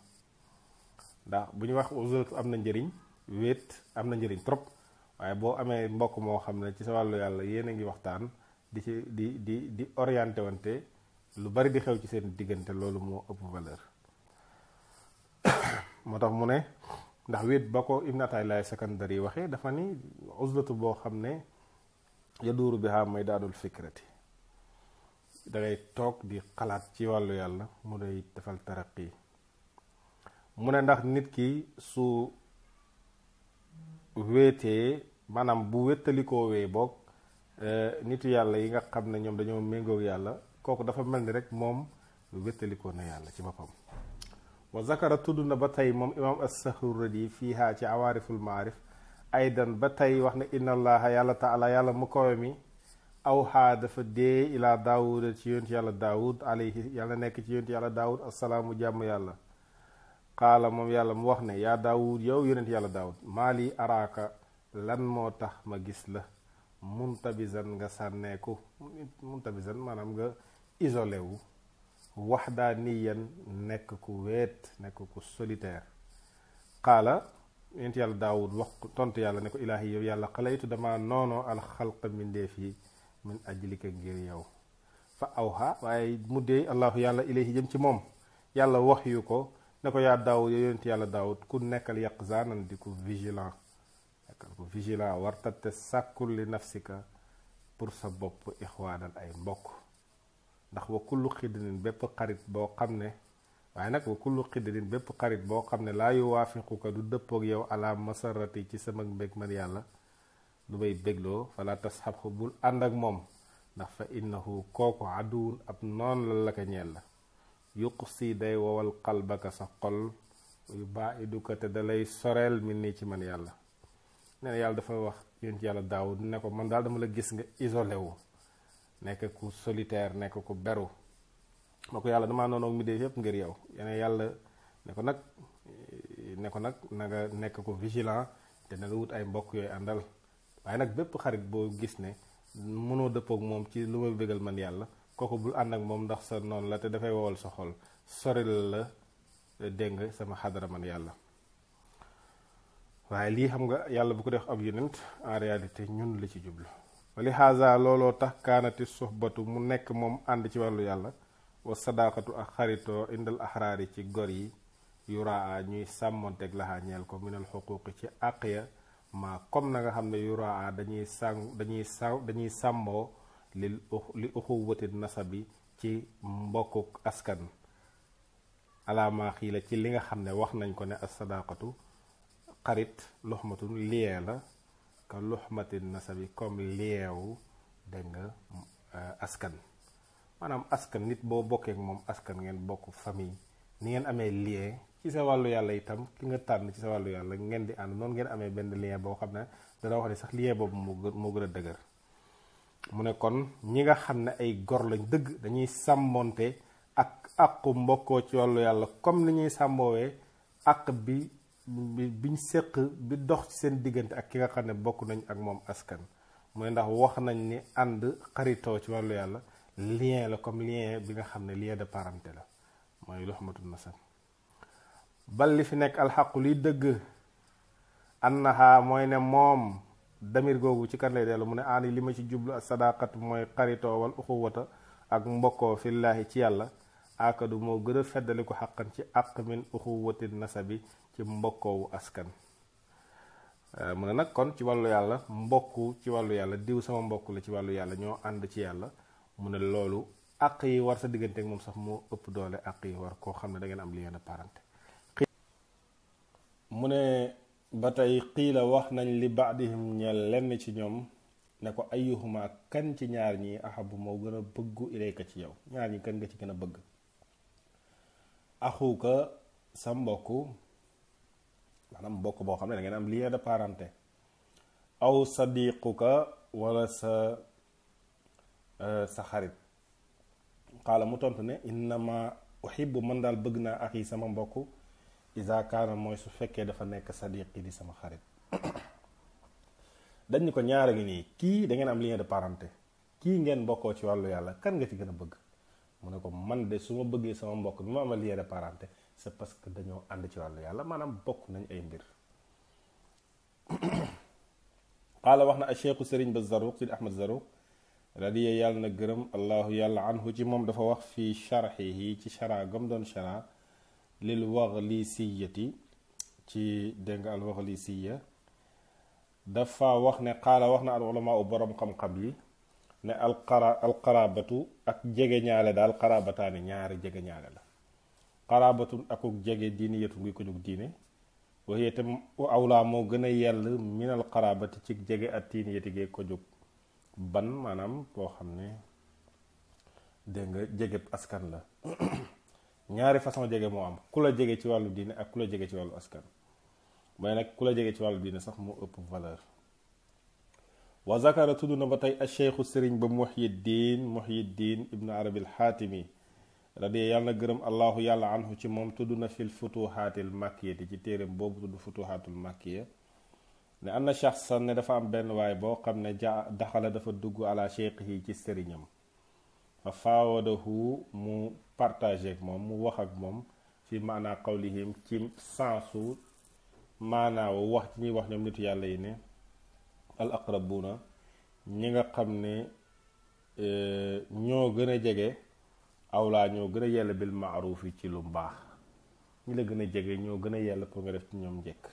ndax bu wax usulatu am na njëriñ wéet am njëriñ trop waye bo amé mbokk mo xam ci sa walu yalla yeena ngi waxtaan di ci di di di orienté wante lu bari di xew ci seen digënté loolu mo ëpp valeur motax mu ne ndax wet bako ibn ibnataay laay sakandari waxee dafa ni uzlatu bo bi yaduuru biha maydaanul fikrati da toog di xalaat ci wàllu yàlla mu day defal taraqi mu ne ndax nit ki su wéetee maanaam bu wéttalikoo wee boog eh, nitu yàlla yi nga xam ne ñoom dañoo méngoog yàlla kooku dafa mel ni rek moom wéttalikoo na yàlla ci boppam wa zakara tudd na ba tey moom imaam as-Sahrudi fiihaa ci awaariful maarif aydan ba tey wax na inna allaha yàlla taala yàlla mu kawe mi awxaa dafa dee ilaa daawuda ci yonti yàlla daawud alayhi yàlla nekk ci yonti yàlla daawud assalaamu jàmm yàlla qaala moom yàlla mu wax ne yaa daawud yow yonent yàlla daawud maa lii araaka lan moo tax ma gis la muntabizan nga sànneeku muntabizan maanaam nga isolé wu yen nekk ku weet nekk ku solitaire qaala yent yàlla daawud wax tontu yàlla ne ko ilaahi yow yàlla xalaytu dama noonoo alxalqa mbindeef yi min ajlika ngir yow fa awha waaye mu deey allahu yàlla ilayhi jëm ci moom yàlla wax yu ko ne ko yaa daawud yow yonent yàlla daawud ku nekkal yaqzaanan di ko vigilant nekkal ko vigilant wartate sàkkul li nafsika pour sa bopp ixwaanan ay mbokk ndax wa kullu xidnin bépp xarit boo xam ne waaye nag wa kullu xidrin bépp xarit boo xam ne laa yu waafiquka du dëppook yow ala masarati ci sama mbég man yàlla lu may bégloo fala tasxabxu bul ànd ak moom ndax fa innahu kooku aduwun ab noon la la ko la yuq si day wowal xalbaka sa xol yu baa iduka te dalay soreel mi nii ci man yàlla nee na yàlla dafa wax yonent yàlla daawud ne ko man daal dama la gis nga isolé wu nekk ku solitaire nekk ku beru ma ko yàlla damaa noonu ak mi dee yëpp ngir yow yene yàlla ne ko nag ne ko nag na nekk ko vigilant te na wut ay mbokk yooyu àndal waaye nag bépp xarit boo gis ne mënoo dëppook moom ci lu ma bégal man yàlla kooku bul ànd ak moom ndax sa noon la te dafay wowal sa xol soril la dégg nga sama xadara man yàlla waaye lii xam nga yàlla bu ko def ab yonent en réalité ñun la ci jublu wali looloo tax kaanati suxbatu mu nekk moom ànd ci wàllu yàlla wa sadaqatu ak xaritoo indal axraari ci gor yi yuraa ñuy sàmmonteeg laxaa ñeel ko minal xuquuqi ci àq ya maa comme na nga xam ne yuraa dañuy sàng dañuy saw dañuy sàmmoo li li uxuwati nasabi ci mbokkuk askan alaamaa xiila ci li nga xam ne wax nañ ko ne as sadaqatu xarit loxmatun liyee la ka loxmatin nasabi comme liyeewu dégg nga askan manam askan nit bo bokke ak mom askan ngeen bokk famille ni ngeen amé lien ci sa walu yalla itam ki nga tan ci sa walu yalla ngeen di and non ngeen amé benn lien bo xam da dana wax ne sax lien bobu mo gën moo mu ne kon ñi nga xamne ay gor lañ deug dañuy samonté ak àqu mboko ci walu yalla comme ni ñuy sambowé ak bi biñ sekk bi dox ci seen diggante ak ki nga xamne bokku nañ ak mom askan mu ne ndax wax nañ ni and xarito ci walu yalla lien la comme lien bi nga lien de parenté la moy luhmatun nasab bal li fi al haqq li deug annaha moy ne mom damir gogu ci kan lay delu mune ani lima ci jublu sadaqat moy kharito wal ukhuwata ak mbokkoo fillaahi ci yalla akadu mo geure a feddali ko xàqan ci aq min nasabi ci mboko askan euh, mune nak kon ci walu yalla mboku ci walu yalla diw sama mboku la ci walu yalla ño and ci yalla mu ne loolu ak yi war sa digganteeg moom sax moo ëpp doole ak yi war koo xam ne da ngeen am li yenn parenté mu ne ba tey qiila wax nañ li baadihim ña lenn ci ñoom ne ko ayuhuma kan ci ñaar ñi ahabu moo gën a bëggu ilayka ci yow ñaar ñi kan nga ci gën a bëgg axuuka sa mbokk maanaam mbokk boo xam ne da ngeen am lien parenté aw sadiquka wala sa sa xarit xaala mu tontu ne innama uhibbu man daal bëgg naa ak yi sama mbokk isa kaana mooy su fekkee dafa nekk sadiqi di sama xarit dañ ñu ko ñaara ngi nii kii dangeen am lien de kii ngeen bokkoo ci wàllu yàlla kan nga ci gën a bëgg mu ne ko man de su ma bëggee sama mbokk bi ma am lien de parenté c'est parce que dañoo ànd ci wàllu yàlla maanaam bokk nañ ay mbir xaala wax na a cheikhu sëriñ ba zaruq sidi ahmad zaruq radiya yàlla na gërëm allahu yàlla anhu ci moom dafa wax fi sharxihi ci shara gam doon shara lil waxlisiyati ci dégg nga al waxlisiya dafa wax ne xaala wax na al ulama boroom xam-xam yi ne al qara ak jege ñaale daal qarabataani ñaari jege ñaale la qarabatun akuk jege diini yetu ngi ko jóg diine waxee tam awlaa moo gën a yell minal qarabati ci jege at tiini yeti gee ko jóg ban maanaam boo xam ne dégg nga jege askan la ñaari façon jege moo am ku la jege ci wàllu diine ak ku la jege ci wàllu askan mooy nag ku la jege ci wàllu diine sax moo ëpp valeur wa zakara tudd na ba tey a cheikhu sëriñ ba muhyiddin muhyiddin ibnu arabi alxaatimi radi yàlla gërëm allahu yàlla anhu ci moom tudd na fil futuhaatil makkiya ci téeréem boobu tudd futuhaatul makkiya ne am na shaxsan ne dafa am benn waay boo xam ne jaa daxala dafa dugg ala cheikh yi ci sëriñam fa faawadahu mu partagé moom mu wax ak moom fi maanaa qawlihim ci sensu maanaa wax ci ñuy wax ñoom nitu yàlla yi ne al aqrabuuna ñi nga xam ne e, ñoo gën a jege awlaa ñoo gën a yàlla bil maaruf yi ci lu mbaax ñi la gën a jege ñoo gën a yell pour nga def ci ñoom njekk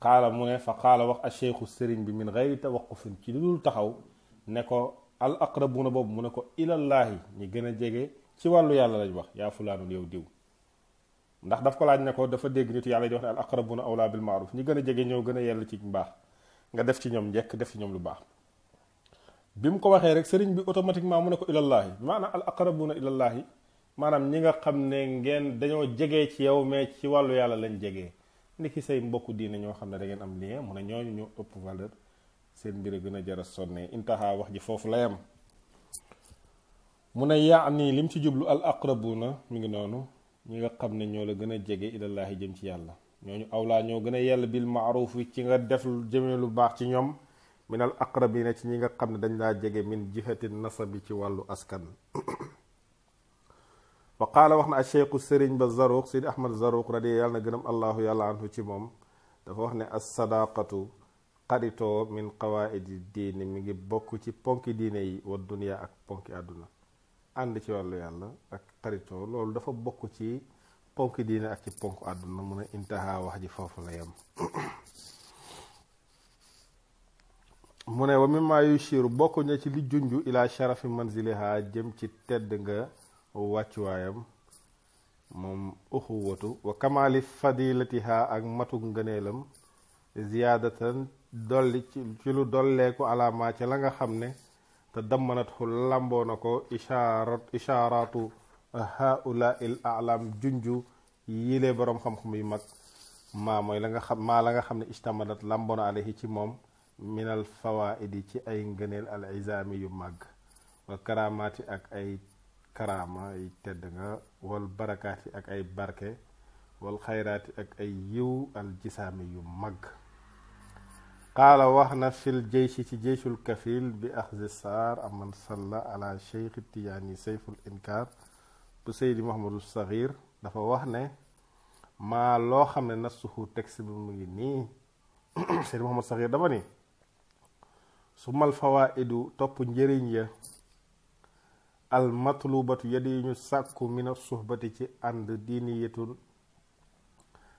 qaala mu ne fa qaala wax a cheikhu sëriñ bi min gayri tawaqufin ci lu dul taxaw ne ko al aqrabuna boobu mu ne ko ilallaahi ñi gën a jege ci wàllu yàlla lañ wax yaa fulaanul yow diw ndax daf ko laaj ne ko dafa dégg yàlla di wax ne al aqrabuna awlaa bil maaruf gën a jege ñëw gën a yell ci mbaax nga def ci ñoom njekk def ci ñoom lu baax bi mu ko waxee rek sëriñ bi automatiquement mu ne ko ilallaahi maanaam al aqrabuna ilallaahi maanaam ñi nga xam ne ngeen dañoo jege ci yow mais ci wàllu yàlla lañ jege. ni ki say mbokku diine ñoo xam ne da ngeen am lien mu ne ñooñu ñoo ëpp valeur seen mbir gën a jar a sonne intaha wax ji foofu la yam mu am nii lim ci jublu al na mi ngi noonu ñi nga xam ne ñoo la gën a jege ilallaahi jëm ci yàlla ñooñu laa ñoo gën a yell bil maaruf yi ci nga def jëme lu baax ci ñoom min al aqrabina ci ñi nga xam ne dañ laa jege min jihati nasabi ci wàllu askan wa wax na a cheikhu sëriñ ba zaruq sidi ahmad zaruq radi yàlla na gërëm allahu yàlla anhu ci moom dafa wax ne assadaqatu xaritoo min qawaidi diini mi ngi bokk ci ponki diine yi wa duniya ak ponki àdduna ànd ci wàllu yàlla ak xaritoo loolu dafa bokk ci ponki diine ak ci ponk àdduna mun a intaha wax ji foofu la yem mu ne wa mimma yushiru bokk na ci li junj ila sharafi manziliha jëm ci tedd nga wàccuwaayam moom uxuwatu wa kamaali fadilatiha ak matuk ngëneelam ziyaadatan dolli ci lu dolleeku alaamaa ci la nga xam ne te dammanat xu làmboo na ko ishaarat ishaaratu haula il alam junju yilee boroom xam-xam yu mag maa mooy la nga xam maa la nga xam ne ijtamadat làmboo na ci moom minal fawaidi ci ay ngëneel al izaami yu màgg wa karaamaati ak ay karama yi tedd nga wal barakaati ak ay barke wal khayraati ak ay yiw al jisami yu mag qala wahna fil jeyshi ci jeyshul kafil bi akhzi sar amman salla ala shaykh tiyani sayful inkar bu sayyidi mahmudu saghir dafa wax ne ma lo xamne nasuhu texte bi mu ngi ni sayyid mahmud saghir dafa ni sumal fawaidu top njeriñ ya al matlubatu yadi yi ñu sàkku mina suhbati ci ànd diiniyatun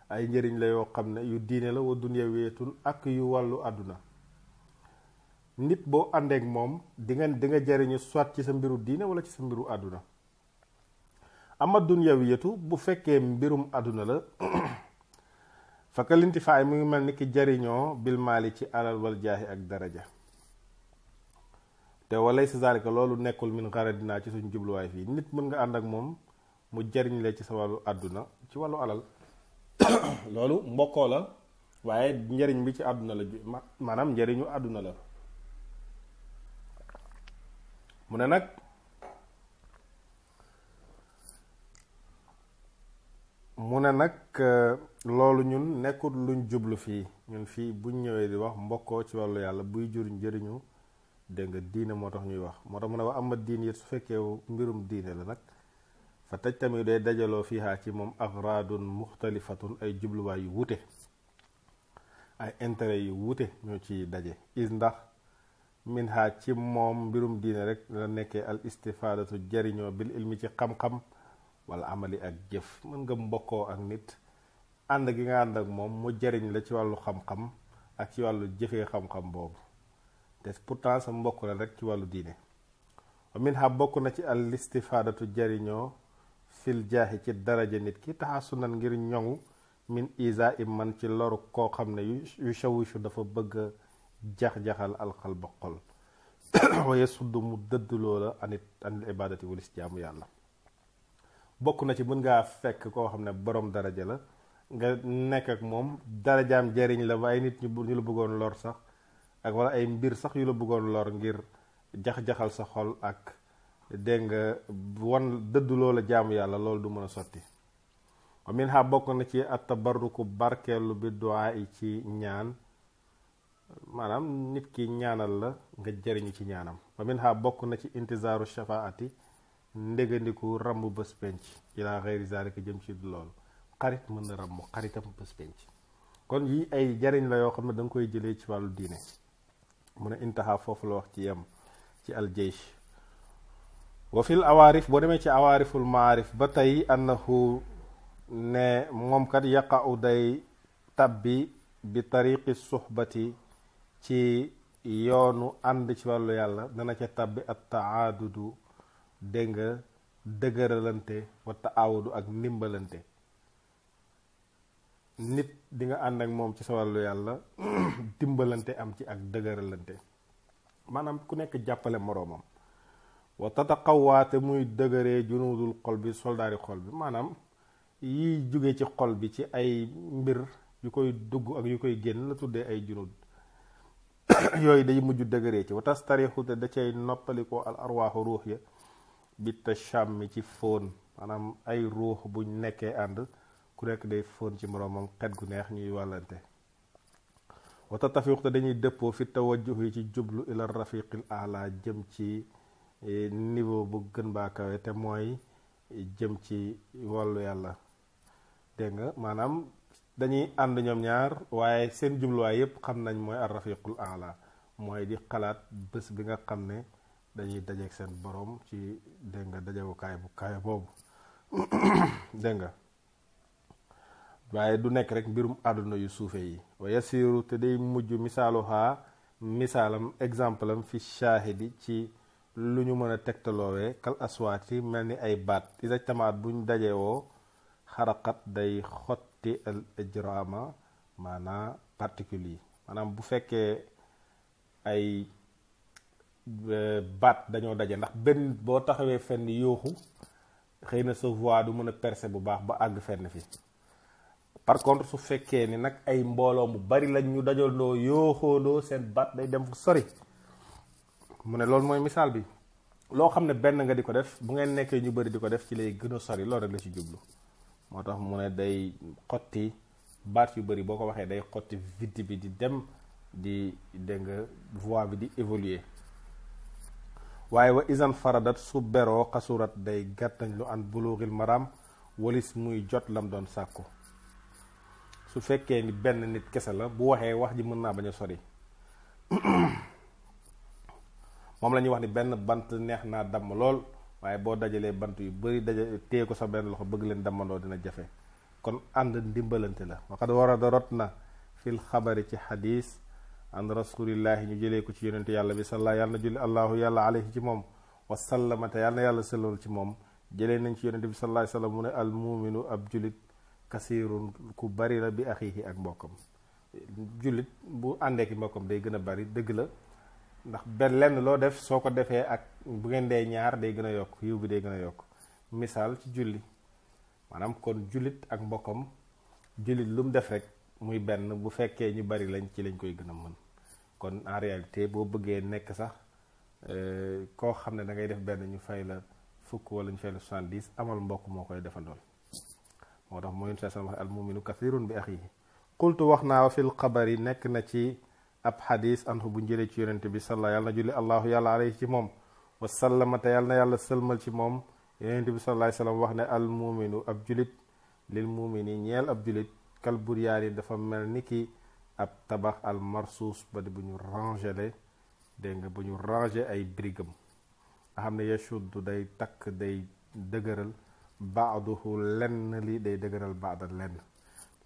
ay njëriñ la yoo xam ne yu diine la wa dunyawiyatun ak yu wàllu àdduna nit boo àndeek moom di nga di nga jariñu soit ci sa mbiru diine wala ci sa mbiru àdduna ama dunyawiyatu bu fekkee mbirum àdduna la fa fakalintifaay mu ngi mel ni ki jariñoo bilmaali ci alal wal ak daraja te walay sa zalika loolu nekkul min xaradinaa ci suñu jubluwaay fii nit mën nga ànd ak moom mu jariñ la ci sa wàllu àdduna ci wàllu alal loolu mbokkoo la waaye njariñ bi ci àdduna la maanaam njariñu àdduna la mu ne nag mu ne nag euh, loolu ñun nekkul luñ jublu fii ñun fii buñ ñëwee di wax mbokkoo ci wàllu yàlla buy jur njariñu dégg nga diine moo tax ñuy wax moo tax mu ne wa ama diin yit su fekkee mbirum diine la nag fa taj tamit day dajaloo fiihaa ci moom axraadun muxtalifatun ay jubluwaay yu wuute ay intérêt yu wuute ñoo ci daje is ndax min haa ci moom mbirum diine rek la nekkee al istifaadatu jariñoo bil ilmi ci xam-xam wala amali ak jëf mën nga mbokkoo ak nit ànd gi nga ànd ak moom mu jariñ la ci wàllu xam-xam ak ci wàllu jëfee xam-xam boobu te pourtant sa mbokk la rek ci wàllu diine min ha bokk na ci al istifaadatu jariñoo fil jaaxi ci daraja nit ki taxasu taxasunan ngir ñoŋu min isa i man ci loru koo xam ne yu shawishu dafa bëgg a jax-jaxal alxal ba xol waaye sudd mu dëdd loola anit anil ibaadati walis jaamu yàlla bokk na ci mën ngaa fekk koo xam ne borom daraja la nga nekk ak moom darajaam jariñ la waaye nit ñu la bëggoon lor sax ak wala ay mbir sax yu la bëggoon lor ngir jax-jaxal sa xol ak dégg nga wan dëdd loola jaamu yàlla loolu du mën a sotti wa min bokk na ci at tabarruku barkeelu bi duaa yi ci ñaan maanaam nit ki ñaanal la nga jariñu ci ñaanam wa min bokk na ci intizaaru shafaati ndégandiku ramb bës penc yi ilaa xeyri zalika jëm ci loolu xarit mën na ramb xaritam bés penc kon yi ay jariñ la yoo xam ne danga koy jëlee ci wàllu diine mu ne intaha foofu la wax ci yem ci aljeysh wa awaarif boo demee ci awaariful maarif ba tey annahu ne moom kat yaqa'u day tabbi bi tariqi suxbati ci yoonu ànd ci wàllu yàlla dana ca tàbbi at taadudu dégg nga dëgëralante wa ak ndimbalante nit di nga ànd ak moom ci sa wàllu yàlla dimbalante am ci ak dëgëralante maanaam ku nekk jàppale moroomam wa tataqawaate muy dëgëree junudul xol bi soldaari xol bi maanaam yi jóge ci xol bi ci ay mbir yu koy dugg ak yu koy génn la tuddee ay junud yooyu day mujj dëgëree ci watas tarixute da cay noppalikoo al arwaaxu ruux ya bi tashàmmi ci fóon maanaam ay ruux buñ nekkee ànd ku nekk day fon ci moroomam xet gu neex ñuy walante wa tatafiq ta dañuy depo fi tawajjuh ci jublu ila al ala jëm ci e, niveau bu gën ba kawé té moy jëm ci walu yalla dégg nga manam dañuy and ñom ñaar waaye seen way yépp xam nañ moy ar al ala moy di xalaat bés bi nga xam ne dañuy ak seen borom ci dégg nga dajewukaay bu kay bobu dégg nga waaye du nekk rek mbirum àdduna yu suufe yi wa yasiru te day mujj misaaluhaa misaalam exemple am fi shaahidi ci lu ñu mën a tegtaloowee kal aswaati mel ni ay baat isa tamaat buñ dajewoo xaraqat day xotti al ijrama maanaa particules yi maanaam bu fekkee ay eh, baat dañoo daje ndax benn boo taxawee fenn yooxu xëy na sa voix du mën a percer bu baax ba àgg fenn fi par contre su fekkee ni nag ay mbooloo mu bari lañ ñu dajaldoo yooxoondoo seen bat day dem fu sori mu ne loolu mooy misaal bi loo xam ne benn nga di ko def bu ngeen nekkee ñu bëri di ko def ci lay gën a sori loolu rek la ci jublu moo tax mu ne day xotti baat yu bëri boo ko waxee day xotti vide bi di dem di dégg voix bi di évoluer waaye wa izan faradat su beroo xasurat day gàttañ lu an buluuxil maram walis muy jot lam doon sàkku su fekkee ni benn nit kese la bu waxee wax ji mën naa bañ a sori moom la ñuy wax ni benn bant neex naa damm lool waaye boo dajalee bant yu bari daja téye ko sa benn loxo bëgg leen dammandoo dina jafe kon ànd ndimbalante la waxat warada rot na fil xabari ci xadis an rasulillahi ñu jëlee ko ci yonentu yàlla bi salla yàlla na julli allahu yàlla alayhi ci moom wasallamate yàlla yàlla sellal ci moom jëlee nañ ci yonente bi sallallahu alayhi wasallam mu ne al muminu ab julit kasirun ku bari la bi akhihi ak mbokam julit bu ande ki mbokam day gëna bari deug la ndax ben lenn lo def soko defé ak bu ngeen dé ñaar day gëna yok yu bi day gëna yok Misal ci julli manam kon julit ak mbokam julit lum def rek muy ben bu fekkee ñu bari lañ ci lañ koy gëna mën kon en réalité bo bëggé nek sax euh ko xamné da ngay def ben ñu fay la fukk wala ñu fay la 70 amal mbokk mo koy defandool moo tax mooy sa sama almuminu kathirun bi axihi qultu wax naa wa fil xabari nekk na ci ab xadis anhu bu njële ci yonente bi salla yàlla na julli allahu yàlla alayhi ci moom wasallama te yàlla na yàlla sëlmal ci moom yonente bi sallallahu alayhi wasallam wax ne almuminu ab julit lil mumini ñeel ab julit kal buryaani dafa mel ni ki ab tabax al marsuus ba bu ñu rangele dégg nga bu ñu ranger ay brigam nga xam ne yashuddu day takk day dëgëral baaduhu lenn lii day dëgëral baada lenn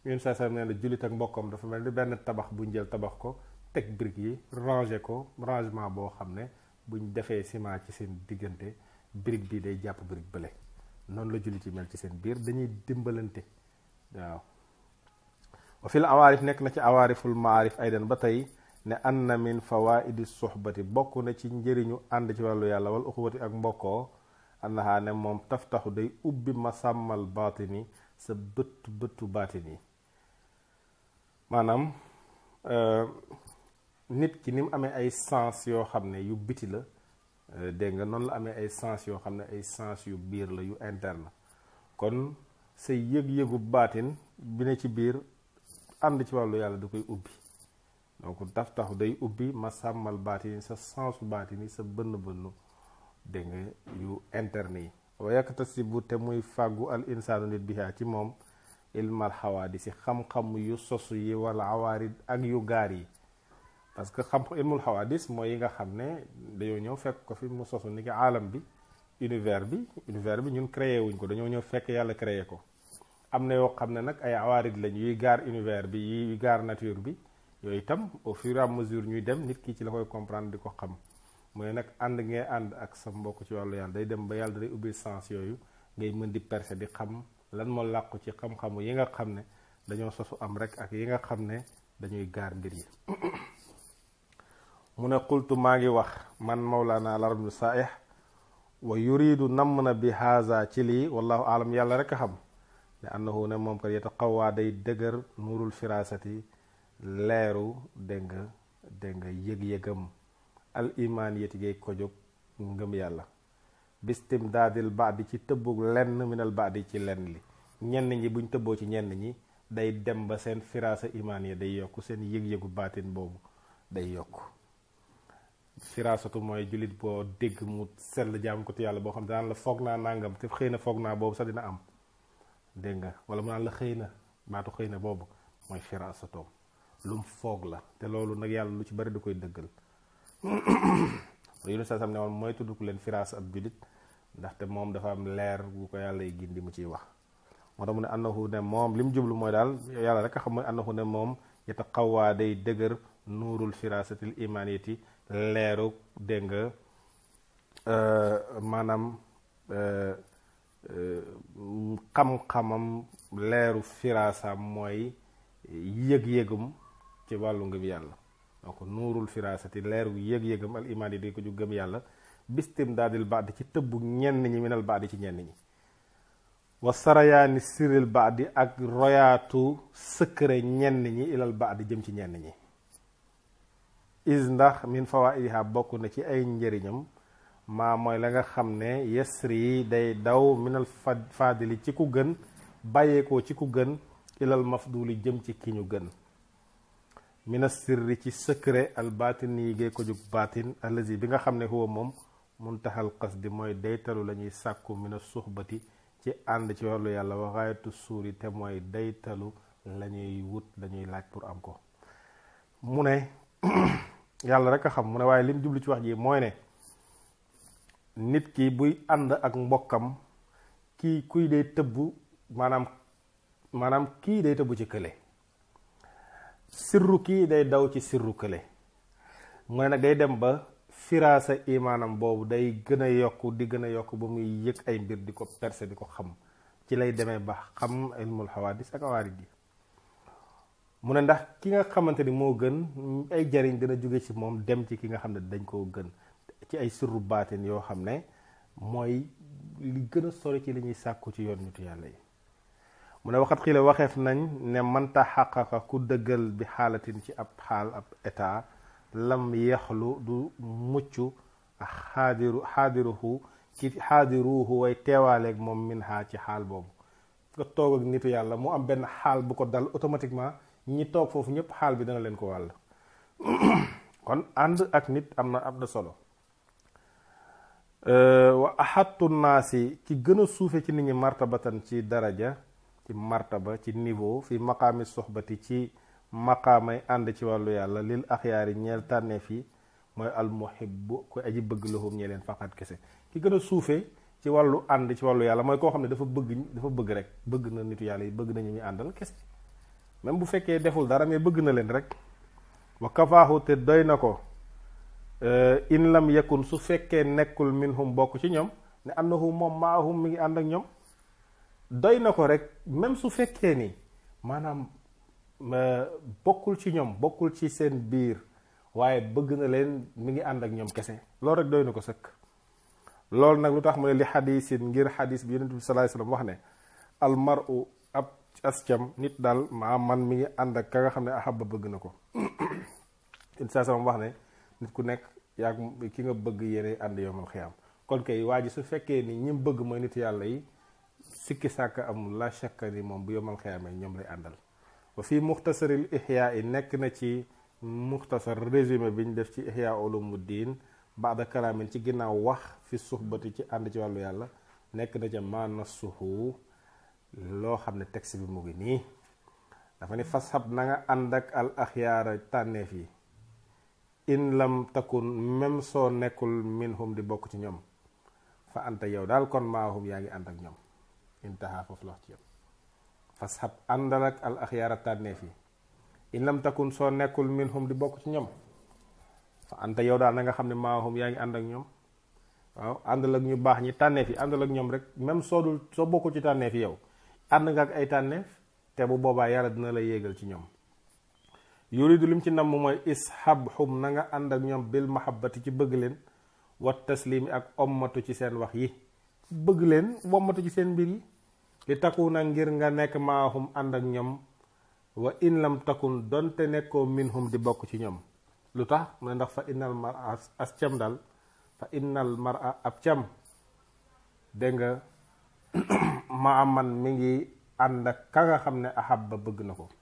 yéen saa saa nee na jullit ak mbokkam dafa mel ni benn tabax buñ jël tabax ko teg brique yi ranger ko rangement boo xam ne buñ defee ciment ci seen diggante brique bi day jàpp brique bële noonu la jullit yi mel ci seen biir dañuy dimbalante waaw wa fil awaarif nekk na ci awaariful maarif aydan ba tey ne anna min fawaidi suxbati bokk na ci njëriñu ànd ci wàllu yàlla wal uxuwati ak mbokkoo annaha ne moom taxu day ubbi masàmmal baatini sa bët bëtu baatini maanaam euh, nit ki ni mu amee ay sens yoo xam ne yu biti la euh, dégg nga noonu la amee ay sens yoo xam ne ay sens yu biir la yu interne kon say yëg-yëgu baatin bi ne ci biir ànd ci wàllu yàlla da koy ubbi donc taftaxu day ubbi masàmmal baatini sa sensu baatini sa bënn bënnu dégg nga yu interne yi wa yaktasibu te muy fàggu al insaanu nit biha ci moom ilmal xawaadis si xam-xam yu sosu yi wala awaarid ak yu gaar yi parce que xam ilmul xawaadis mooy yi nga xam ne dañoo ñëw fekk ko fi mu sosu ni ki aalam bi univers bi univers bi ñun créé wuñ ko dañoo ñëw fekk yàlla créé ko am na yoo xam ne nag ay awaarid lañ yuy gaar univers bi yuy gaar nature bi yooyu itam au fur et à mesure ñuy dem nit ki ci la koy comprendre di ko xam mu ne nag ànd ngay ànd ak sa mbokk ci wàllu yàlla day dem ba yàlla day ubbi yooyu ngay mën di percer di xam lan moo làqu ci xam yi nga xam ne dañoo sosu am rek ak yi nga xam ne dañuy gaar mbir ne xultu maa ngi wax man mawlaana larabnu saaih wa yuridu namm na bi haza ci lii wallahu alam yàlla rek a xam ne annahu ne moom kat yeta xawwaa day dëgër nuurul firasati leeru dégg nga dégg nga yëg-yëgam al imaaniyati gay ko jóg ngëm yàlla bistim daadil baadi ci tëbbug lenn minal baadi ci lenn li ñenn ñi buñ tëbboo ci ñenn ñi day dem ba seen firaasa imaan ya day yokk seen yëg-yëgu baatin boobu day yokk firaasatu mooy jullit boo dégg mu sell jaam ko te yàlla boo xam daan la foog naa nàngam te xëy na foog naa boobu sax dina am dégg nga wala mu naan la xëy na baatu xëy na boobu mooy firaasatoom lu foog la te loolu nag yàlla lu ci bari da koy dëggal yéen sa sam ne woon mooy tudd ku len firaas ab julit te mom dafa am leer gu ko yàlla gindi mu ci wax moo tax mu ne annahu ne mom lim jublu moy dal yalla rek xam moy annahu ne mom yataqawa day dëgër nurul firasatil imaniyati leeru dégg nga euh, euh xam-xamam leeru firasa moy yeg yegum ci walu ngi yalla donc nuurul firaasati leeru yëg-yëgam al imaan yi di ko ju gëm yàlla bistim daadil baadi ci tëbbu ñenn ñi minal baadi ci ñenn ñi wa sarayaani siril baadi ak royaatu sëkkëre ñenn ñi ilal baadi jëm ci ñenn ñi is ndax min fawaidiha bokk na ci ay njëriñam maa mooy la nga xam ne yesri yi day daw minal fadili ci ku gën bàyyeekoo ci ku gën ilal mafduli jëm ci ki ñu gën mina sirri ci secret al baatin yi gay ko jug baatin alazi bi nga xam ne huwa moom muntaxal qasdi mooy daytalu la ñuy sàkku mina suxbati ci ànd ci wàllu yàlla waxaayatu suuri te mooy daytalu la ñuy wut la laaj pour am ko mu ne yàlla rek a xam mu ne waaye lim jublu ci wax ji mooy ne nit kii buy ànd ak mbokkam kii kuy day tëbb maanaam maanaam kii day tëbb ci kële sirru kii day daw ci sirru kële mu ne nag day dem ba firaasa imaanam boobu day gën a yokk di gën a yokk ba muy yëg ay mbir di ko perse di ko xam ci lay demee ba xam ilmul xawaadis ak awaarid mu ne ndax ki nga xamante ni moo gën ay jariñ dina jóge ci moom dem ci ki nga xam ne dañ koo gën ci ay sirru baatin yoo xam ne mooy li gën a sori ci li ñuy sàkku ci yoon nitu yàlla yi mu ne waxat xiile waxeef nañ ne manta xaqaqa ku dëggal bi xaalatin ci ab xaal ab état lam yaxlu du mucc xaadiru xaadiruhu ci xaadiruhu way teewaaleeg moom min ci xaal boobu nga toog ak nitu yàlla mu am benn xaal bu ko dal automatiquement ñi toog foofu ñépp xaal bi dana leen ko wàll kon ànd ak nit am na am na solo euh, wa axattu naasi ki gën a suufe ci nit ñi martabatan ci daraja ci marta ba ci niveau fi maqaami soxbati ci maqaamay ànd ci wàllu yàlla lil axyaari ñeel tànneef yi mooy almuhibbu ku aji bëgg lahum ñee leen faqat kese ki gën suufee ci wàllu ànd ci wàllu yàlla mooy koo xam ne dafa bëgg dafa bëgg rek bëgg na nitu yàlla yi bëgg nañu muy àndal kese même bu fekkee deful dara mais bëgg na leen rek wa kafaahu te doy na ko euh, in lam yakun su fekkee nekkul minhum bokk ci ñoom ne annahu moom maahum mi ngi ànd ak ñoom doy na ko rek même su fekke ni maanaam bokul ci ñom bokul ci seen biir waye bëgg na leen mi ngi and ak ñom kese lool rek doy na ko sekk lool nak lutax li hadith ngir hadith bi yunus sallallahu alayhi wasallam wax ne al maru ab asjam nit dal ma man mi ngi and ak ka nga xamne ahabba bëgg na ko yonente salaay sallam wax ne nit ku nekk ya ki nga bëgg and yowul khiyam kon kay waji su fekke ni ñim bëgg moy nit yalla yi sikki sàkk amul la shakka ni moom bu yomal xiyaame ñoom lay àndal wa fii muxtasaril ixyaa yi nekk na ci muxtasar résumé bi ñu def ci ixyaa ulumuddin baada kalaamin ci ginnaaw wax fi suxbati ci ànd ci wàllu yàlla nekk na ca maana suhu loo xam ne texte bi mu ngi nii dafa fas fashab na nga ànd ak al axyaara tànneef yi in lam takun même soo nekkul minhum di bokk ci ñoom fa anta yow daal kon maahum yaa ngi ànd ak ñoom intaha foofu la wax ci yëpp fashab àndal al axyaara tànneef yi in lam takun soo nekkul minhum di bokk ci ñoom fa anta yow daal na nga xam ne maahum yaa ngi ànd ak ñoom waaw àndal ak ñu baax ñi tànneef yi àndal ak ñoom rek même soo dul soo bokkul ci tànneef yi yow ànd nga ak ay tànneef te bu boobaa yàlla dina la yéegal ci ñoom yuridu lim ci namm mooy ishabhum na bil mahabbati ci bëgg leen wat taslimi ak ommatu ci seen wax yi bëgg leen wommatu ci li takuna ngir nga nekk maahum and ak ñom wa in lam takun donte nekko minhum di bok ci ñom lutax ndax fa innal mar as dal fa innal mar ab cam dégg nga ma man mi ngi and ak ka nga xamne ahabba ahab bëgg nako ko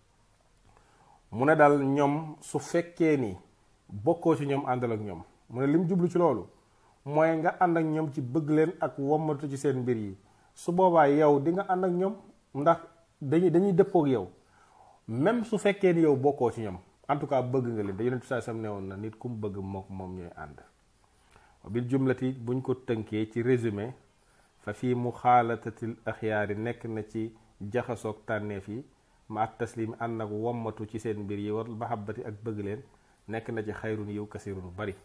mu ne dal ñom su fekke ni bokko ci ñom àndal ak ñom mu lim jublu ci lolu moy nga and ak ñom ci bëgg len ak womatu ci seen mbir yi su boobaa yow di nga ànd ak ñoom ndax dañuy dañuy dëppoog yow même su fekkee ni yow bokkoo ci ñoom en tout cas bëgg nga leen te yonent saa sam ne woon na nit ku mu bëgg mook moom ñooy ànd bil jumlati buñ ko tënkee ci résumé fa fii mu xaalatatil axyaar yi nekk na ci jaxasoog tànneef yi ma ànd ak wommatu ci seen mbir yi war mahabbati ak bëgg leen nekk na ci xayrun yiw kasirun bari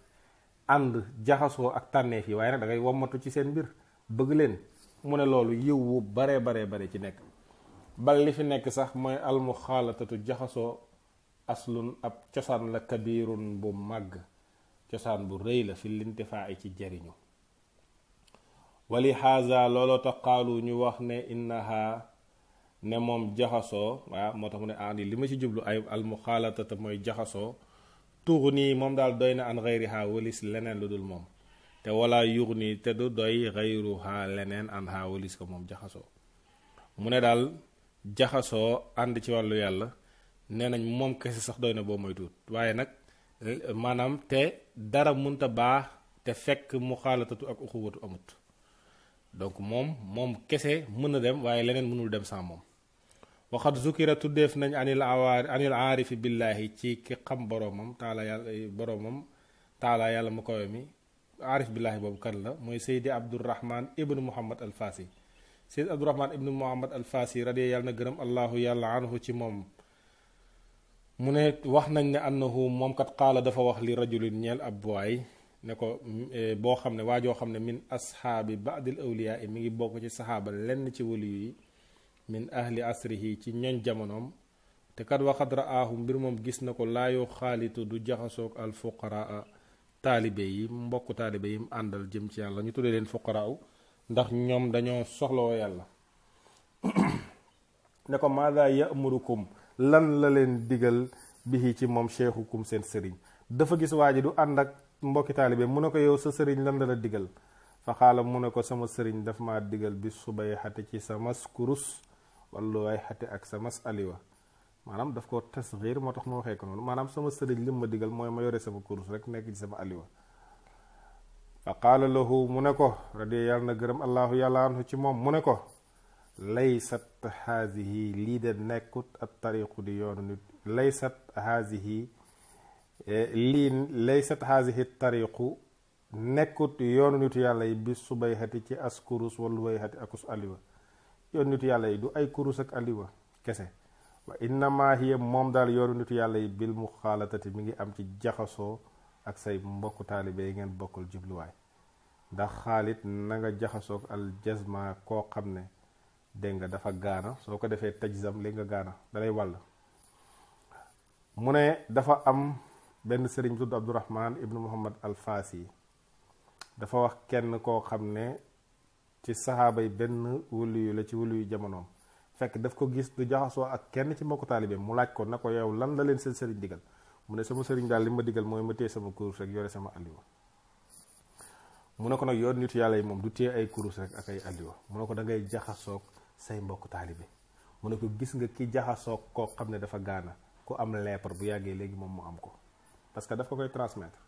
ànd jaxasoo ak tànneef yi waaye nag da ngay ci seen mbir bëgg leen mu ne loolu yiw wu baree baree bare ci nekk bal li fi nekk sax mooy almuxaalatatu jaxasoo aslun ab cosaan la kabirun bu màgg cosaan bu rëy la fi lintifaa ci jariñu wali xaaza looloo tax xaalu ñu wax ne innaha ne moom jaxasoo waaw moo tax mu ne aandi li ma ci jublu ay almuxaalatata mooy jaxasoo tuux nii moom daal doy na an xayriha walis leneen lu dul moom te wala yugni te du doy xayruha lenen an ha walis ko mom jaxaso mu ne daal jaxasoo ànd ci walu yàlla nenañ mom moom sax doyna bo boo moytuut waaye nag maanaam te dara munta ba te fek mukhalatatu ak ukhuwatu amut donc mom mom kesse meuna dem waye lenen munul dem sans mom waxat zukira tuddeef nañ anil awaar anil aarifi billahi ci ki xam boromam taala yàlla boromam taala yàlla mu kowe aarif billaahi boobu kan la mooy Seydi Abdourahman ibnu Muhammad al Fassi Seydi Abdourahman ibnu Muhammad al Fassi radiya yàlla na gërëm allahu yàlla anhu ci moom mu ne wax nañ ne annahu moom kat qaala dafa wax li rajulin ñeel ab waay ne ko boo xam ne waa joo xam ne min ashaabi baadil awliyaa mi ngi bokk ci saxaaba lenn ci wali yi min ahli asrihi ci ñoñ jamonoom te kat waxat raahu mbir moom gis na ko laayoo xaalitu du jaxasoog al fuqaraa taalibe yi mbokk taalibe yi mu àndal jëm ci yàlla ñu tuddee leen fuqaraaw ndax ñoom dañoo soxloo yàlla ne ko maada yamurukum lan la leen digal bi bihi ci moom cheikhukum seen sëriñ dafa gis waa ji du ànd ak mbokki taalibe mu ne ko yow sa sëriñ lan la la digal fa xaala mu ne ko sama sëriñ daf ma digal bi subay xati ci samas kurus walluwaay xati ak samas aliwa manam daf ko test moo motax mo waxee ko noonu maanaam sama sëriñ lim ma digal moy ma yore sama course rek nek ci sama aliwa fa qala lahu munako radi yal na gërëm allah yalla anhu ci mom munako laysat haasihi li de nekut at tariq di yoonu nit laysat haasihi li laysat haasihi at tariq nekut nitu nit yalla bi subayhati ci askurus wal wayhati akus aliwa yoonu nit yalla du ay kurus ak aliwa kesse wa innama hiya moom daal yoorunditu yàlla yi bil muxaalatati mi ngi am ci jaxasoo ak say mbokku taalibe yi ngeen bokkul jubluwaay ndax xaalit na nga jaxasoog al jasma koo xam ne dégg nga dafa gaana soo ko defee tajzam li nga gaana da lay wàll mu ne dafa am benn sëriñ tudd abdourahman ibnu mohammad alfas yi dafa wax kenn koo xam ne ci sahaabay benn wulliyu la ci wulliyu jamonoom fekk daf ko gis du jaxasoo ak kenn ci mbokku taalibe mu laaj ko na ko yow lan la leen seen sëriñ digal mu ne sama sëriñ daal li ma digal mooy ma téye sama kurus rek yore sama alliwa mu ne ko nag yoon nitu yàlla yi moom du téye ay kurus rek ak ay alliwa mu ne ko da ngay jaxasoog say mbokku taalibe mu ne ko gis nga ki jaxasoog koo xam ne dafa gaana ku am leepar bu yàggee léegi moom mu am ko parce que daf ko koy transmettre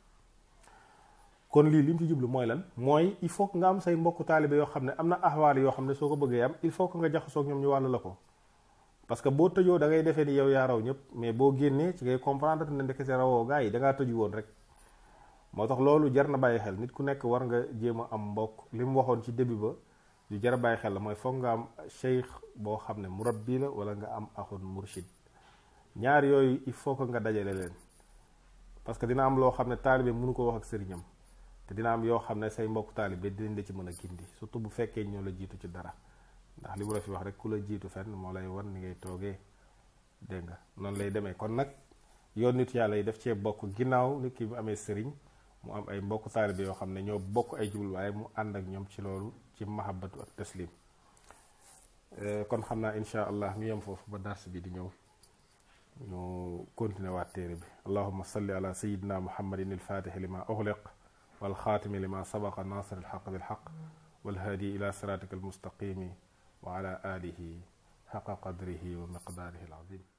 kon li lim ci jublu moy lan moy il faut nga am say mbokk talibé yo xamné amna ahwal yo xamné soko xam ne am il faut nga nga jaxasoog ñom ñu walu lako parce que bo tejo da ngay défé ni yow ya raw ñep mais bo génné ci ngay comprendre ne ndekk ci rawo gaay da nga tejju won rek motax lolu loolu jar na baye xel nit ku nekk war nga jéem am mbokk lim waxon ci début ba lu jar baye xel moy fo nga am cheikh bo xamné murabbi la wala nga am akhun murshid ñaar yoy il faut nga dajalé len parce que dina am lo xamné talibé mënu ko wax ak serignam te dina am yoo xam ne say mbokk taalibe dinañ la ci mën a gindi surtout bu fekkee ñoo la jiitu ci dara ndax li mu la fi wax rek ku la jiitu fenn moo lay wan ni ngay toogee dégg nga noonu lay demee kon nag yoon nit yàlla yi def cee bokk ginnaaw nit ki bu amee sëriñ mu am ay mbokk taalibe yoo xam ne ñoo bokk ay jubluwaay mu ànd ak ñoom ci loolu ci mahabbatu ak taslim euh, kon xam naa insha allah ñu yem foofu ba dars bi di ñëw ñu continuer waat téere bi allahuma salli ala sayidina muhammadin alfatixi lima uxliq والخاتم لما سبق الناصر الحق بالحق والهادي إلى صراطك المستقيم وعلى آله حق قدره ومقداره العظيم